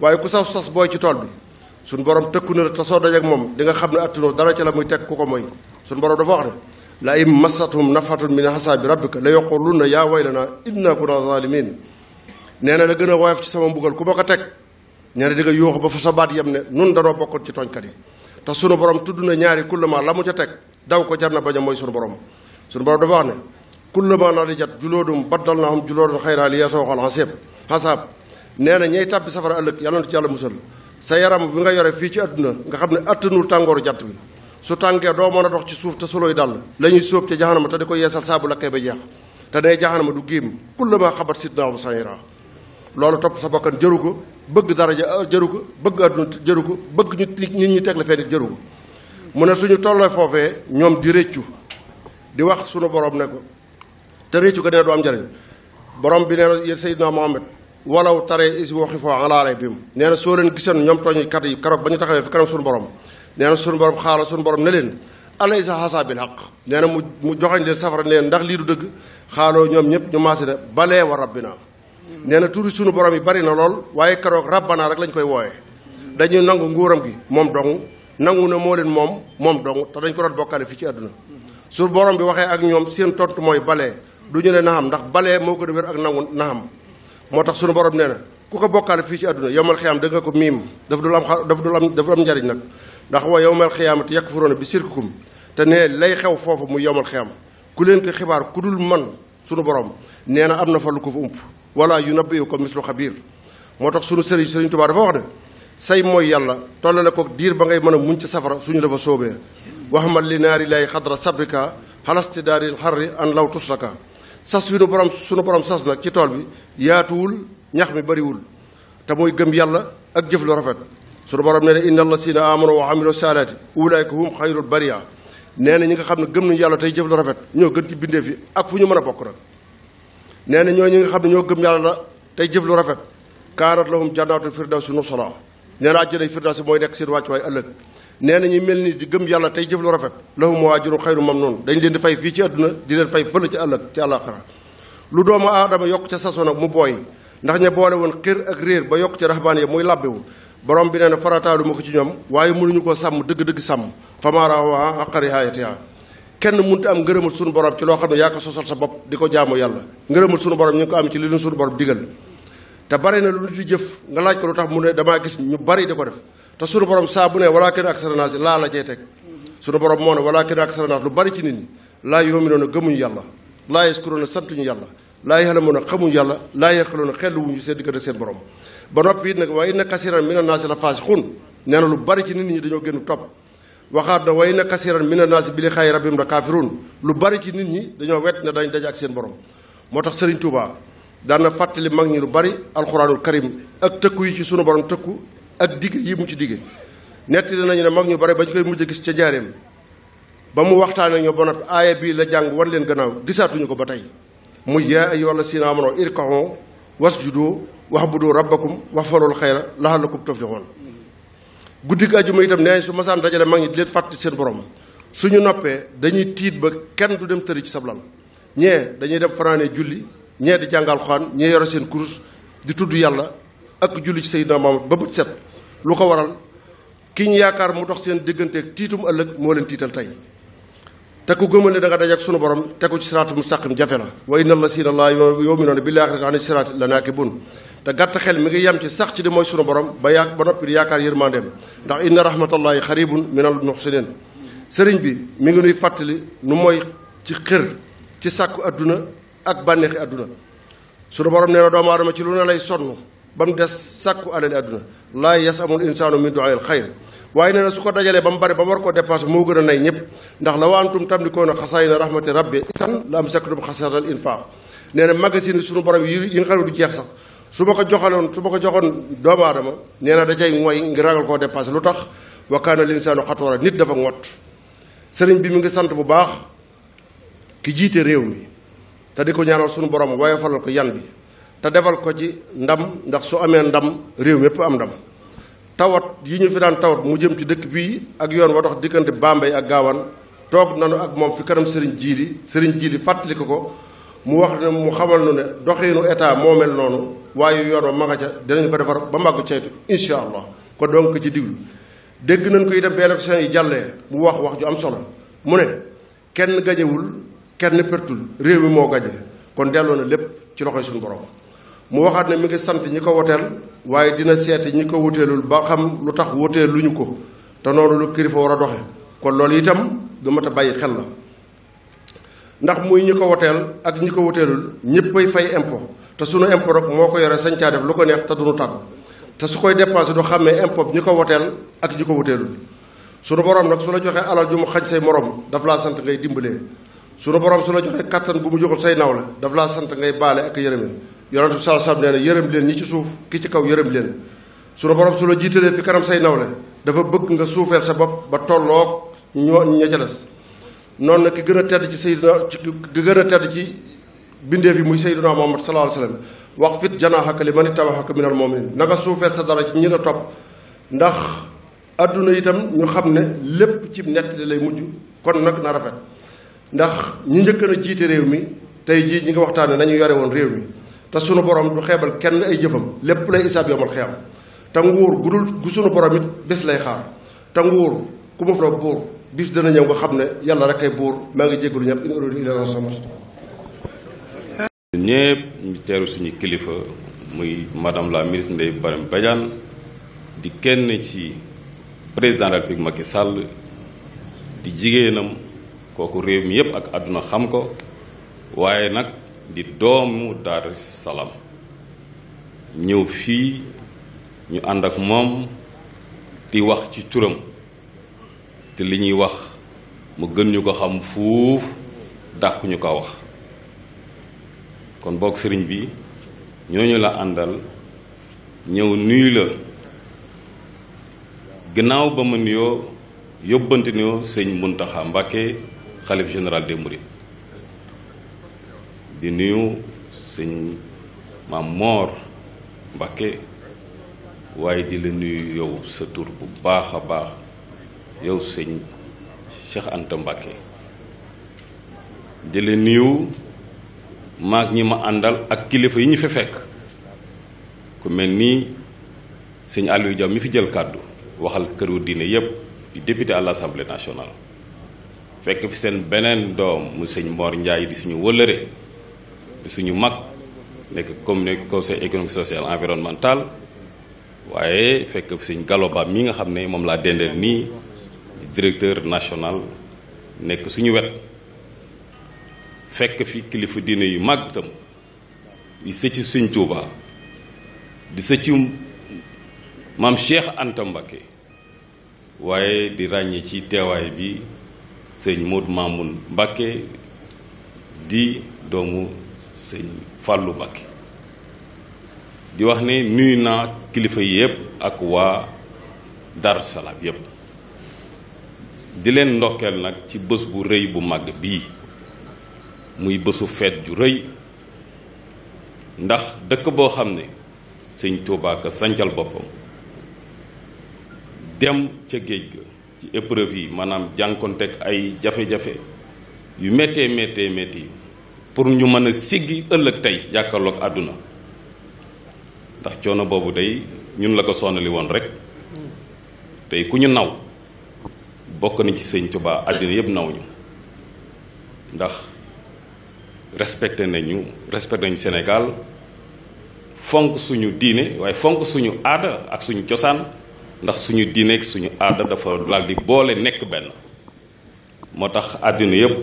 waaye ku sas sas booy ci tool bi suñ borom tëkku na la te soo dajee moom di nga xam ne attinoo dara ci la muy teg ku ko moy suñ borom dafa wax la in massathum nafatun min hasaabi rabbika la yaquluna yaa waylana inna kunna zalimin nee na la gën a woyof ci sama mbugal ku ma ko teg nee na di nga ba fa sa baat yem ne nun danoo bokkoon ci tooñkat yi te sunu borom tudd na ñaari kullama la mu ca teg daw ko jar na bañ a mooy sunu borom sunu borom dafa wax ne kullama nadijat juluudum baddal na hum juluudan xayra li yasawxal xasib xasaab nee na ñay tàbbi safara ëllëg yàlla na ci yàlla musal sa yaram bi nga yore fii ci àdduna nga xam ne attanul tàngooru jant bi su tàngee doo mën a dox ci suuf te solooy dàll la ñuy sóob ca jaxanama te di ko yeesal saabu lakkee ba jeex te ne jaxanama du gémm kullama xabat sitnaahum sayra loolu topp sa bakkan jëru ko bëgg daraja euh, jëru ko bëgg àdduna jëru ko bëgg ñu nit ñi teg la fee nit jëru ko mu ne suñu tollee foofee ñoom di réccu di wax sunu borom ne ko te réccu ko ne du am njëriñ borom bi nee na yéen Seydina Mohamed walaw tare is waxi foo alaale bi nee na soo leen gisoon ñoom tooñkat yi keroog ba ñu taxawee fi kanam borom nee na sunu borom xaala sunu borom ne leen alaysa xasaabil xaq nee na mu mu joxañ leen safara neen ndax lii du dëgg xaalo ñoom ñëpp ñu maase na balee wa rabbina nee na tuuri sunu borom yi bari na lool waaye keroog rabbana rek lañ koy wooyee dañuy nangu nguuram gi moom dong nangu na moo leen moom moom dong te dañ ko doon bokkale fii ci àdduna su borom bi waxee ak ñoom seen tontu mooy balee du ñu ne naxam ndax balee moo ko a wér ak nangu naam moo tax sunu borom nee na ku ko bokkale fii ci àdduna yomal xiyam da nga ko miim dafa dul am xa dafa dul am dafa dul njariñ nag ndax wa yowmal xiyaamati yakfuruuna bi sirkum te ne lay xew foofu mu yowmal xiyaam ku leen ko xibaar ku dul man sunu borom nee na am na fa lu ko fa ump wala yu nabbiyu ko mislu xabiir moo tax sunu sëriñ sëriñ Tuubaa dafa wax ne say mooy yàlla tollale ko diir ba ngay mën a muñ ci safara suñu dafa soobee wax ma li naari lay xadra sabrika xalasti daaril xarri an law tusraka sas wi nu borom sunu borom sas nag ci tool bi yaatuwul ñax mi bariwul te mooy gëm yàlla ak jëf rafet sunu borom ne ne inna allazina amanu wa amilu saalaati ulaayka hum xayrul bariya nee na ñi nga xam ne gëm nañu yàlla tey jëf lu rafet ñoo gën ci bindeef yi ak fu mën a bokk nag nee na ñoo ñi nga xam ne ñoo gëm yàlla la tey jëf lu rafet kaanat lahum jannaatu firdawsi nusula nee na àjjana firdawsi mooy nekk seen wàccuwaay ëllëg nee na ñu mel ni di gëm yàlla tey jëf lu rafet lahum waajurun xayru noonu dañ leen di fay fii ci àdduna di leen fay fële ci ëllëg ci àllaaxira lu doomu aadama yokk ca saso nag mu booy ndax ña boole woon xir ak ba yokk ca raxbaan ya muy làbbewu borom bi nee na farataalu ma ko ci ñoom waaye mënuñu ko sàmm dëgg-dëgg sàmm famaarawa aqari haayatiha kenn mënut am ngërëmal suñu borom ci loo xam ne yaa ko sosal sa bopp di ko jaamu yàlla ngërëmal suñu borom ñu ngi ko am ci li leen suñu borom digal te bari na lu nit di jëf nga laaj ko lu tax mu ne damaa gis ñu bari di ko def te suñu borom saa bu ne walaakin aksara naas laa la jee teg sunu borom moo ne walaakin aksara naas lu bari ci nit ñi laa yuminuuna gëmuñu yàlla laa yaskuruuna santuñu yàlla laa yaxlamuuna xamuñu yàlla laa yaqiluuna xelluwuñu seen diggante seen borom ba noppi it nag wa inna kasiran mina naasi la faasixun nee na lu bari ci nit ñi dañoo génn topp waxaat na wa inna kasiran mina naasi bi li xaay rabbim la kaafirun lu bari ci nit ñi dañoo wet ne dañ daje ak seen borom moo tax Serigne Touba daan na fàttali mag ñi lu bari alxuraanul karim ak tëkku yi ci sunu borom tëkku ak digg yi mu ci digg nettali nañu ne mag ñu bari ba ñu koy mujj gis ca jaareem ba mu waxtaanee ñoo ba noppi aaya bii la jàng wan leen gannaaw gisaatuñu ko ba tey muy yaa ayyuhal lazina amanu irka'u wasjudu wax wax bu wa'budu rabbakum la xayra laxalakum tuflixoon guddi gi àjjuma itam nee su masaan dajale mag ñi di leen fàttali seen borom suñu noppee dañuy tiit ba kenn du dem tëri ci sablal ñee dañuy dem fanaanee julli ñee di jàngal xaan ñee yore seen kurus di tudd yàlla ak julli ci Seydina Muhammad ba bët set lu ko waral ki yaakaar mu dox seen digganteeg tiitum ëllëg moo leen tiital tey te ku gëmal ne da nga dajak sunu borom tegu ci siraatu mustaqim jafe la wa inna lasina laa yuminuuna bil aaxirati an siraati la naakibun te gàtt xel mi ngi yem ci sax ci di mooy sunu borom ba yaa ba noppi di yaakaar yërmandeem ndax inna rahmatallahi xaribun minal muhsinin sëriñ bi mi ngi nuy fàttali nu mooy ci xër ci sàkku adduna ak bànneexi adduna sunu borom nee na doomu aadama ci lu ne lay sonn ba mu des sàkku alali adduna laa yas amul insaanu min du'aa'il xayr waaye nee su ko dajalee ba mu bari ba mu war koo dépense moo gën a nay ñëpp ndax la waantum tam di koo na xasaay nee na magasin sunu borom yi yi nga xam ne jeex sax su ma ko joxaloon su ma ko joxoon doomu aadama nee na da cay mooy ngir ragal koo dépassé lu tax lii wa kaana linsaanu xatoora nit dafa ngott sëriñ bi mi ngi sant bu baax ki jiite réew mi te di ko ñaanal suñu borom waaye falal ko yan bi te defal ko ci ndam ndax su amee ndam réew mépp am ndam tawat yi ñu fi daan tawat mu jëm ci dëkk bii ak yoon wa dox diggante Bambey ak Gaawaan toog na nu ak moom fi kanam sëriñ jiili sëriñ jiili fàttali ko ko mu wax ne mu xamal nu ne doxiinu état moo mel noonu waaye yoon wa ma nga ca dinañ ko defar ba màgg ceytu incha allah ko donc ci diglu dégg nañ ko itam benn seen yi jàllee mu wax wax ju am solo mu ne kenn gajewul kenn pertul réew mi moo gaje kon delloo na lépp ci loxoy suñu borom mu waxaat ne mi ngi sant ñi ko woteel waaye dina seeti ñi ko woteelul ba xam lu tax woteel luñu ko te noonu lu kilifa war a doxe kon loolu itam du mat a bàyyi xel la ndax muy ñi ko woteel ak ñi ko woteelul ñëppay fay impôt te sunu impôt rek moo ko yore sañ caa def lu ko neex te duñu tàggu te su koy dépensé du xàmmee impôt ñi ko woteel ak ñi ko woteelul sunu borom nag su la joxee alal ju mu xañ say morom daf laa sant ngay dimbalee sunu borom su la joxee kattan bu mu joxul say nawle daf laa sant ngay baale ak yërëme yonent bi sal sam nee na yërëm leen ñi ci suuf ki ci kaw yërëm leen sunu borom su la jiitalee fi kanam say nawle dafa bëgg nga suufeel sa bopp ba tolloog ñoo ña ca des noonu nag ki gën a tedd ci sayyidina ki gën a tedd ci bindeef yi muy sayyidina Muhammad sallallahu la wax sallam wax fit janaahaka li man ittabaaka minal mu'minin na nga suufeet sa dara ci ñi la topp ndax adduna itam ñu xam ne lépp ci nettali lay mujj kon nag na rafet ndax ñi njëkk na jiite réew mi tey jii ñi nga waxtaane nañu yore woon réew mi te sunu boroom du xeebal kenn ay jëfam lépp lay isaab yomal xiyam te nguur gudul gu sunu borom it bés lay xaar te nguur ku bis dana ñëw nga xam ne yàlla rek ay buur maa ngi jégalu ñëpp in uriidu illal suñu kilifa muy madame la ministre Ndeye Marème Badiane di kenn ci président de la sàll di jigéenam kooku réew mi yëpp ak àdduna xam ko waaye nag di doomu Daaru Salaam ñëw fii ñu ànd ak moom di wax ci turam te li ñuy wax mu gën ñu ko xam fuuf dàqu ko wax kon boog sëriñ bi ñooñu la àndal ñëw nuyu la gannaaw ba ma nuyoo yóbbante nuyoo sëñ Muntaxa Mbàkke xalif général de Mourides di nuyu sëñ Maam Moor Mbàkke waaye di la nuyu yow sa tur bu baax a baax yow sëñ Cheikh Anta Mbacke di la nuyu maag ñi ma àndal ak kilifa yi ñu fi fekk ku mel ni sëñ Aliou Diaw mi fi jël kàddu waxal këru diine yépp di député à l'Assemblée nationale fekk fi seen beneen doom mu sëñ Mor njaay di suñu wëllëre di suñu mag nekk comme ne conseil économique social environnemental waaye fekk fi sëñ Galoba mi nga xam ne moom laa dendeel nii directeur national nekk suñu wet fekk fi kilifa diine yu mag itam di sëcc suñ Tuuba di sëcc maam Cheikh Anta Mbakke waaye di ràññee ci teewaay bi sëñ Modou Mamoun Mbakke di doomu sëñ Fàllu Mbakke di wax ne nuyu naa kilifa yëpp ak waa Darou Salam yëpp. di leen ndokkeel nag ci bés bu rëy bu mag bii muy bésu feet ju rëy ndax dëkk boo xam ne sëñ Tuubaa ka sancal boppam dem ca géej ga ci épreuve yi maanaam jànkonteeg ay jafe-jafe yu méttee méttee métti pour ñu mën a siggi ëllëg tey jàkkaarloog àdduna ndax coono boobu day ñun la ko sonali woon rek tey ku ñu naw bokk nañ ci sëñ Tuubaa àddina yëpp naw ñu ndax respecté nañu respecté nañu Sénégal fonk suñu diine waaye fonk suñu aada ak suñu cosaan ndax suñu diine ak suñu aada dafa laal di boole nekk benn moo tax àddina yëpp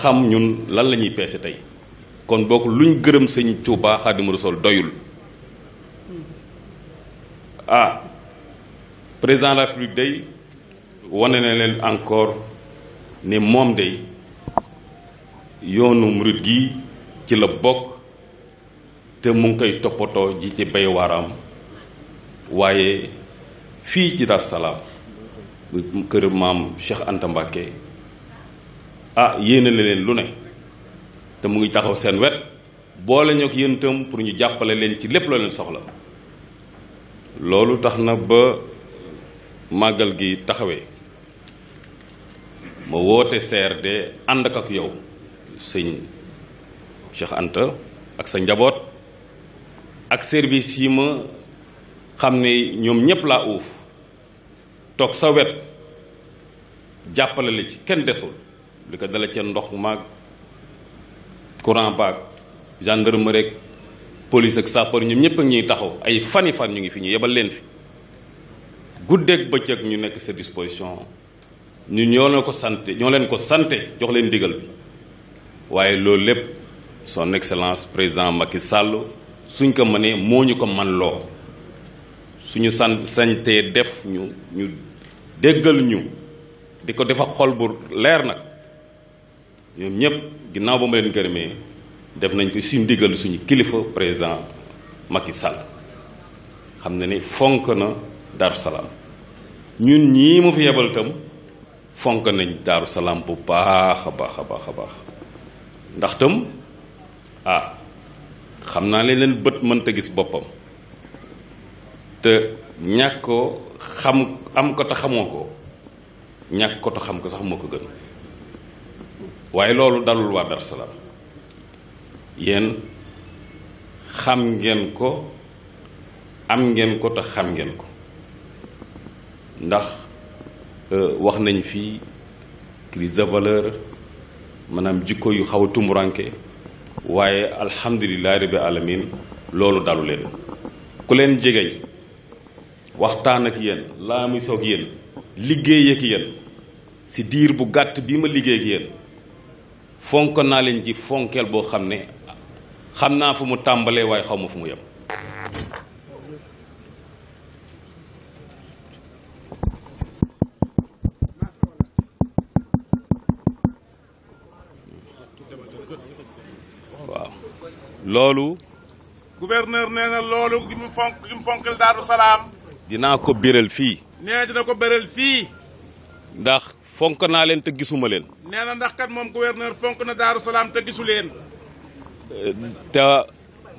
xam ñun lan la ñuy peese tey kon bokk luñ gërëm sëñ Tuubaa Xaadimu sol doyul hmm. ah président de day wane na leen encore ni moom day yoonu murit gi ci la bokk te mu ngi koy toppatoo ji ci bay waram waaye fii ci Daaru Salaam kër maam Cheikh Anta Mbacké ah yéene leen lu ne te mu ngi taxaw seen wet boole ñoo ko yéen pour ñu jàppale leen ci lépp loo leen soxla loolu tax na ba màggal gi taxawee ma woote CRD ànd ak ak yow sëñ Cheikh Anta ak sa njaboot ak service yi ma xam ne ñoom ñépp laa uuf toog sa wet jàppale ci kenn desul li ko dala ca ndox maag courant baag gendarmerie ak police ak sapeur ñoom ñépp ak ñuy taxaw ay fani fan ñu ngi fi ñu yebal leen fi guddeeg bëccëg ñu nekk sa disposition ñu ñoo leen ko sant ñoo leen ko sante jox leen diggal bi waaye loolu lépp son excellence président Macky Sall suñ ko mënee moo ñu ko man loo suñu san santee def ñu ñu déggal ñu di ko defa xol bu leer nag ñoom ñëpp ginnaaw ba ma leen gërëmee def nañ ko suñ digal suñu kilifa président Macky Sall xam na ni fonk na Darou Salaam ñun ñii mu fi yebal tam fonk nañ daaru salaam bu baax a baax a baax a baax ndax tam ah xam naa ne leen bët mënta gis boppam te ñàkkoo xam am ko te xamoo ko ñàkk ko te xam ko sax moo ko gën waaye loolu dalul waa Darou Salaam yéen xam ngeen ko am ngeen ko te xam ngeen ko ndax Euh, wax nañu fi crise de valeur maanaam jikko yu xaw a tumuranke waaye alhamdulilahi rabbi alamin loolu dalu leen ku leen jegeñ waxtaan ak yéen laa muy soog yéen liggéey ak yéen si diir bu gàtt bi ma liggéey ak yéen fonk naa leen ji fonkeel boo xam ne xam naa fu mu tàmbalee waaye xaw ma fu mu yem loolu. gouverneur nee na loolu li mu fonk li mu ko béral fii. nee dina ko béral fii. ndax fonk naa leen te gisuma leen. nee na ndax kat moom gouverneur fonk na Daaru Salaam te gisu leen. te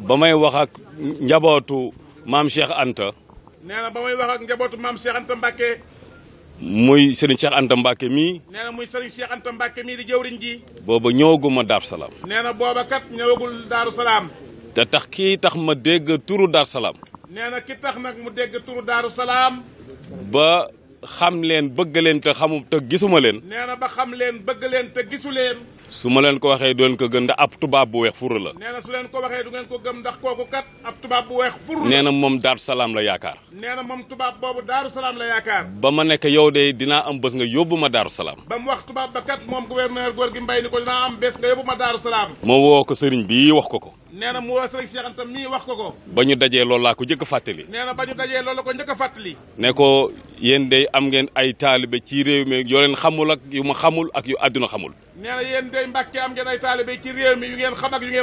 ba may wax ak njabootu maam Cheikh Anta. nee ba may wax njabootu maam Cheikh Anta Mbacke. muy Serigne Cheikh Anta Mbacke mii. nee na muy Anta Mbacke mii di jëwriñ ji. booba ñëwaguma Darou Salaam. nee na booba kat ñëwagul Darou Salaam. tax kii tax ma dégg turu Darou Salaam. nee na ki tax nag mu dégg turu Darou Salaam. ba xam leen bëgg leen te xamu te gisuma leen. nee ba xam leen bëgg leen te gisu leen. su ma leen ko waxee du leen ko gën ndax ab tubaab bu weex furu la. nee na ko ko gëm ndax kooku kat ab tubaab bu weex furu la. na moom daaru salaam la yaakaar. nee na moom tubaab boobu daaru salaam yaakaar. ba ma nekk yow de dina am bés nga yóbbu ma daaru salaam. ba mu wax tubaab ba moom ko dinaa am bés nga yóbbu ma daaru salaam. ma woo ko sëriñ bi wax ko ko. nee na mu woo sëriñ Cheikh Anta mii wax ko ko. ba ñu dajee loolu laa ko njëkk a fàttali. nee ba ñu dajee loolu ko njëkk a fàttali. ne ko yéen day am ngeen ay taalibe ci réew me yoo leen xamul ak yu ma xamul ak yu àdduna xamul. tey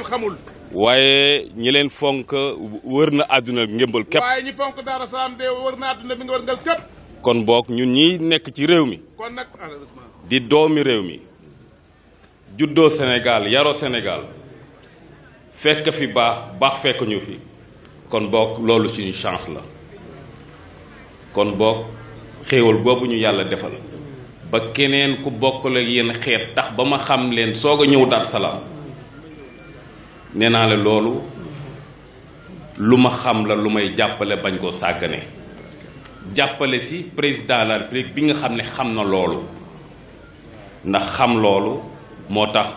xamul. waaye ñi leen fonk wër na àdduna bi nga wërngal képp. kon boog ñu ñi nekk ci réew mi. di doomi réew mi juddoo Sénégal yaro Sénégal fekk fi baax baax fekk ñu fi kon boog loolu suñu chance la kon boog xéewal boobu ñu yàlla defal. ba keneen ku bokkul yenn xeet tax ba ma xam leen soog a ñëw Dar Salaam nee naa la loolu lu ma xam la lu may jàppale bañ koo sàkkane jàppale si président de la république bi nga xam ne xam na loolu ndax xam loolu moo tax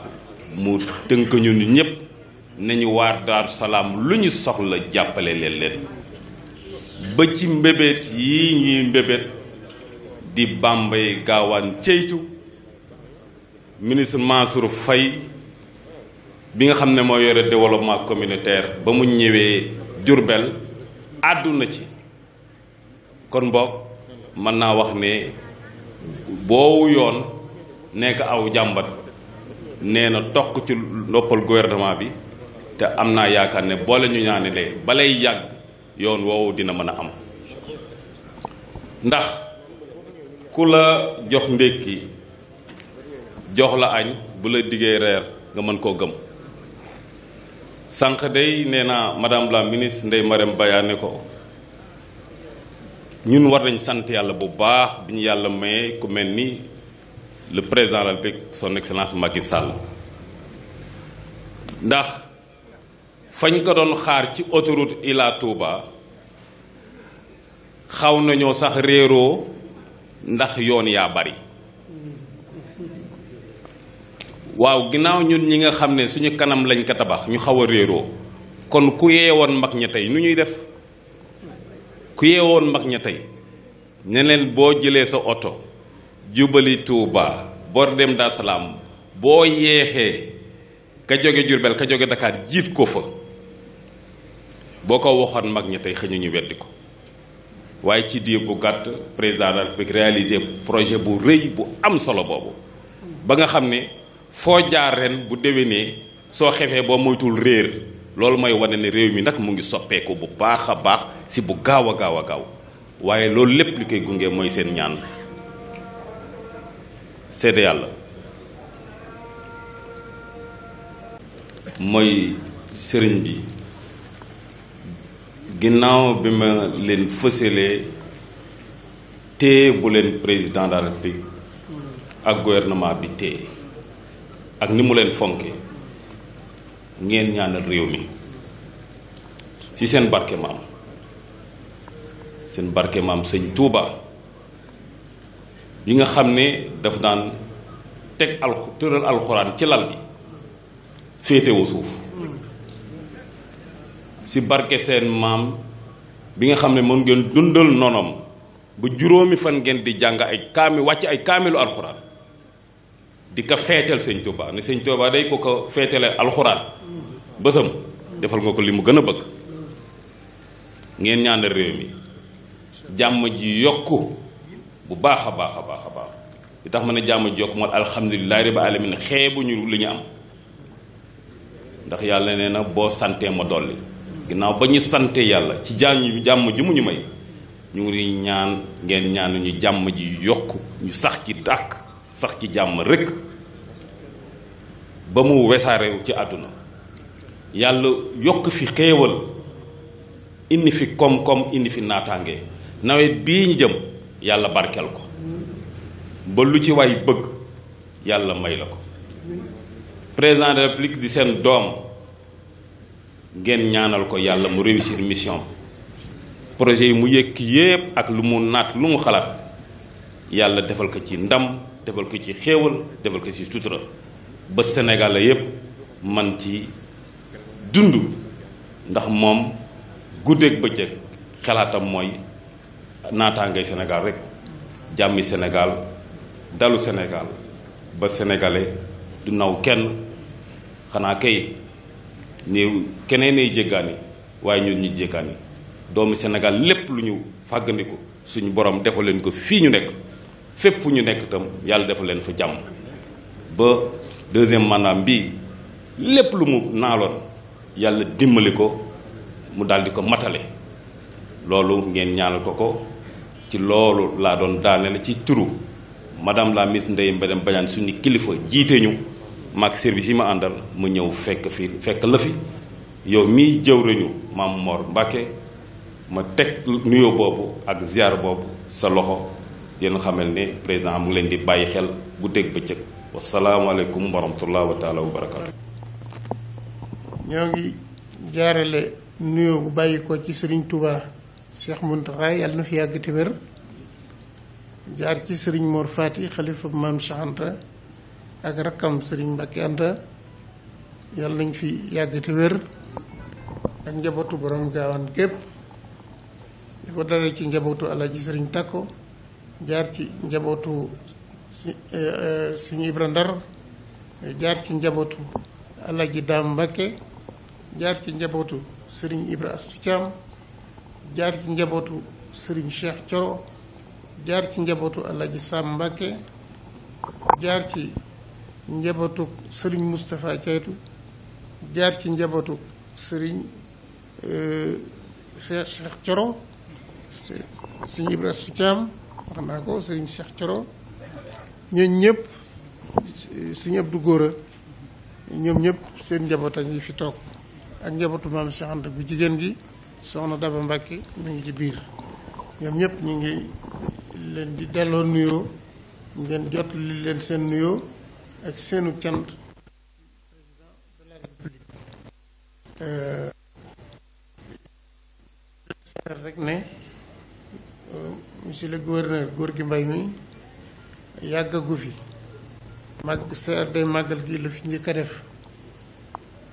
mu tënk ñu ni ñépp nañu waar Daaru Salaam lu ñu soxla jàppale leen leen ba ci mbébét yi ñuy mbébét di Bambey gaawaan ceytu ministre Mansour fay bi nga xam ne moo yore développement communautaire ba mu ñëwee Diourbel àdduna ci kon mbokk mën naa wax ne boowu yoon nekk aw jàmbat nee na toq ci noppal gouvernement bi te am naa yaakaar ne boole ñu ñaanilee balay yàgg yoon woowu dina mën a am ndax ku la jox mbékki jox la añ bu la diggee reer nga mën koo gëm sanq day nee naa madame la ministre Ndeye Marème Baya ne ko ñun war nañ sant yàlla bu baax bi ñu yàlla maye ku mel ni le président la République son excellence Macky Sall ndax fañ ko doon xaar ci autoroute Ila Touba xaw nañoo sax réeroo ndax yoon yaa bari waaw ginnaaw ñun ñi nga xam ne suñu kanam lañ ko tabax ñu xaw a réeroo kon ku yeewoon mag ña tey nu ñuy def ku yeewoon mag ña tey ne boo jëlee sa oto jubali tuuba bor dem Dar boo yéexee ka jóge Jurbel ka joge Dakar jiit ko fa boo ko waxoon mag ña tey xëñu ñu weddi ko waaye ci diir bu gàtt président de la République réalisé projet bu rëy bu am solo boobu ba nga xam ne foo jaar ren bu déwénee soo xefee boo moytul réer loolu mooy wane ni réew mi nag mu ngi soppeeku bu baax a baax si bu gaaw a gaaw a gaaw waaye loolu lépp li koy gunge mooy seen ñaan seede yàlla mooy sëriñ bi ginnaaw bi ma leen fësalee téye bu leen président de la ak gouvernement bi téye ak ni mu leen fonke ngeen ñaanal réew mi ci seen barke maam seen barke maam sëñ Tuuba bi nga xam ne daf daan teg alxu tëral alxuraan ci lal bi féetewu suuf ci barke seen maam bi nga xam ne mën ngeen dundal nonom ba juróomi fan ngeen di jàng ay kaami wàcc ay kaamilu alxuraan di ko feetal sëñ Touba ne sëñ Touba day ko ko feetale alxuraan bësëm defal nga ko li mu gën a bëgg ngeen ñaanal réew mi jàmm ji yokk bu baax a baax a baax a baax li ma ne jàmm ji yokku mooy alhamdulilahi rabbi alamin ñu li ñu am ndax yàlla nee na boo santee ma dolli ginnaaw ba ñu sante yàlla ci jàmm jàmm ji mu may ñu ngi ñaan ngeen ñaan jàmm ji yokk ñu sax ci tàkk sax ci jàmm rek ba mu wesaarewu ci àdduna yàlla yokk fi xéewal indi fi koom-koom nawet bii ñu jëm yàlla barkeel ko ba lu ci waay bëgg yàlla may la ko président de la di seen doom ngeen ñaanal ko yàlla mu réussir mission projet yi mu yëkk yépp ak lu mu naat lu mu xalaat yàlla defal ko ci ndam defal ko ci xéewal defal ko ci sutura ba Sénégal la yépp man ci dund ndax moom guddeeg bëccëg xalaatam mooy naataangay Sénégal rek jàmmi Sénégal dalu Sénégal ba sénégalais du naw kenn xanaa kay néew keneen ay jéggaani waaye ñun ñu jéggaani doomu Sénégal lépp lu ñu fàggandiku suñu boroom defal leen ko fii ñu nekk fépp fu ñu nekk itam yàlla defal leen fa jàmm ba deuxième mandat bi lépp lu mu naaloon yàlla dimmali ko mu daldi ko matale loolu ngeen ñaanal ko ko ci loolu laa doon daane la ci turu madame la ministre Ndeye Mbène bañaan suñu kilifa jiite ñu maag service yi ma àndal ma ñëw fekk fi fekk la fi yow mii jëwriñu maam Mor Mbacke ma teg nuyoo boobu ak ziar boobu sa loxo yéen xamal ne président mu leen di bàyyi xel bu dégg bëccëg wasalaamualeykum wa rahmatullah wa taala ñoo ngi jaarale nuyoo bu bàyyi ko ci sëriñ Touba Cheikh Mountakha yàlla na fi yàgg te jaar ci sëriñ Mor Fati xalifa maam Cheikh ak rakkam Serigne Mbacke Anta yàlla nañ fi yàgg te wér ak njabootu borom gaawaan gépp di ko dalee ci njabootu Alaaji Serigne Takko jaar ci njabootu si eh, eh, Ibra Ndar jaar ci njabootu Alaaji Daam Mbacke jaar ci njabootu Serigne Ibra Astu Thiam jaar ci njabootu Serigne Cheikh Thioro jaar ci njabootu Alaaji Sam jaar ci njabootug sëriñ Moustapha Caytu jaar ci njabootug sëriñ euh, Cheikh Cheikh Coro sëriñ Ibrahima su wax naa ko sëriñ Cheikh Coro ñooñ ñëpp sëriñ Abdu Góora ñoom ñëpp seen njaboota yi fi toog ak njabootu maam Cheikh bi jigéen gi soxna Daba Mbàkke ñu ngi ci biir ñoom ñëpp ñu ngi leen di delloo nuyoo ngeen jot li leen seen nuyoo ak seenu cant président de la république rek ne euh, monsieur le gouverneur Gorgui Mbaye mi yàggagu fi mag CRD màggal gi la fi njëkk def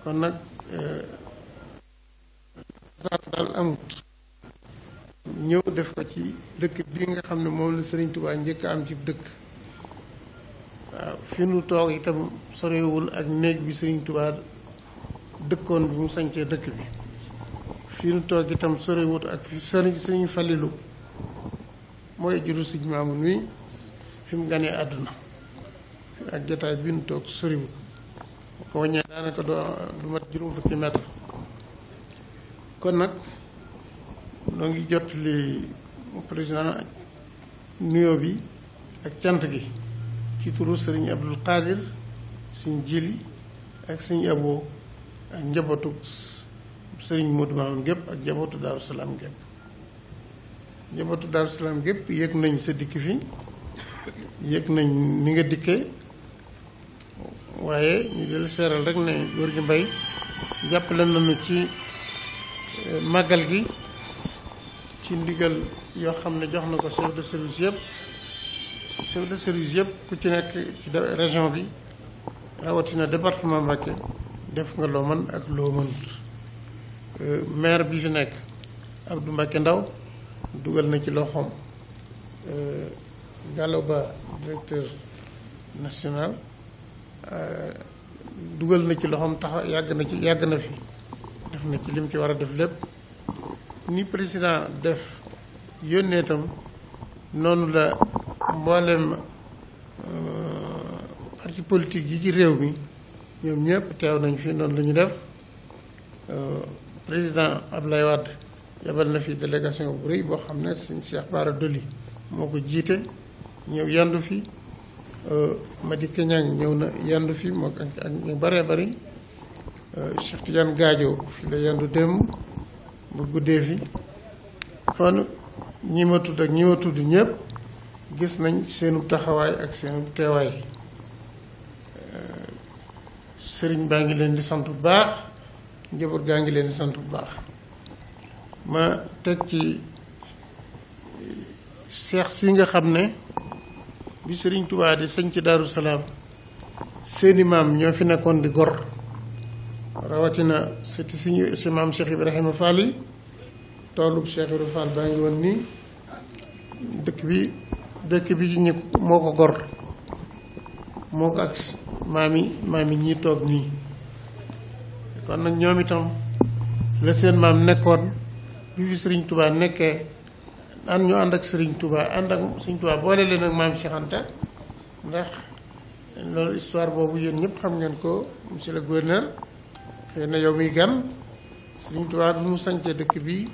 kon nag euh, daal amut ñëw def ko ci dëkk bi nga xam ne moom la Serigne Touba njëkk am ci dëkk waaw fi nu toog itam sorewul ak néeg bi Sëriñ Tuubaa dëkkoon bi mu sañcee dëkk bi fi nu toog itam sorewut ak fi sëriñ Sëriñ Falilu mooy juru Sëriñ Maamun wi fi mu ganee àdduna ak jataay bi nu toog sorewut ko waññee daanaka du mat juróom fukki mètre kon nag noo ngi jot li président nuyoo bi ak cant gi ci turu sëriñ Abdul Qadir sëriñ Jili ak sëriñ Abo ak njabootu sëriñ Modou Mamoun gépp ak njabootu Daaru gépp njabootu Daaru gépp yëg nañ sa dikk fi yëg nañ ni nga dikkee waaye ñu del seeral rek ne góor gi mbay jàppale nañu ci eh, màggal gi ci ndigal yoo xam ne jox na ko chef de service yëpp chef de service yëpp ku ci nekk ci région bi rawatina département Mbacké def nga loo mën ak loo mënut euh, maire bi fi nekk Abdou Mbacké Ndaw dugal na ci loxoom euh, Gallo Ba directeur national euh, dugal na ci loxoom tax yàgg na ci yàgg na fi def na ci lim ci war a def lépp ni président def yónnee itam noonu la mboolem euh, parti politique yi ci réew mi ñoom ñëpp teew nañ fi noonu la ñu def euh, président Ablaye Wade yabal na fi délégation bu rëy boo xam ne suñ Cheikh Bara Dolly moo ko jiite ñëw yandu fi euh, Madické Niang ñëw na yandu fi moo ak ñu bëree bëri Cheikh Tidiane fi la yandu démb ba guddee fi kon ñi tudd ak ñi tudd ñëpp gis nañ seenu taxawaay ak seenu teewaay sëriñ baa ngi leen di sant bu baax njaboot gaa ngi leen di sant bu baax ma teg ci seex si nga xam ne bi sëriñ tubaab di sañ ci Daaru Salaam seeni maam ñoo fi nekkoon di gor rawatina sëti si si maam Cheikh Ibrahima Fall yi toolub Cheikh Ibrahima Fall baa ngi woon nii dëkk bi dëkk bi ñu moo ko gor moo ko ak maam yi maam yi ñi toog nii kon nag ñoom itam la seen maam nekkoon bi fi Serigne Touba nekkee an ñu ànd ak Serigne Touba ànd ak Serigne Touba boole leen ak maam Cheikh boobu yéen ñëpp xam ngeen ko monsieur le gouverneur xëy na yow muy gan Serigne Touba bi mu sancee dëkk bi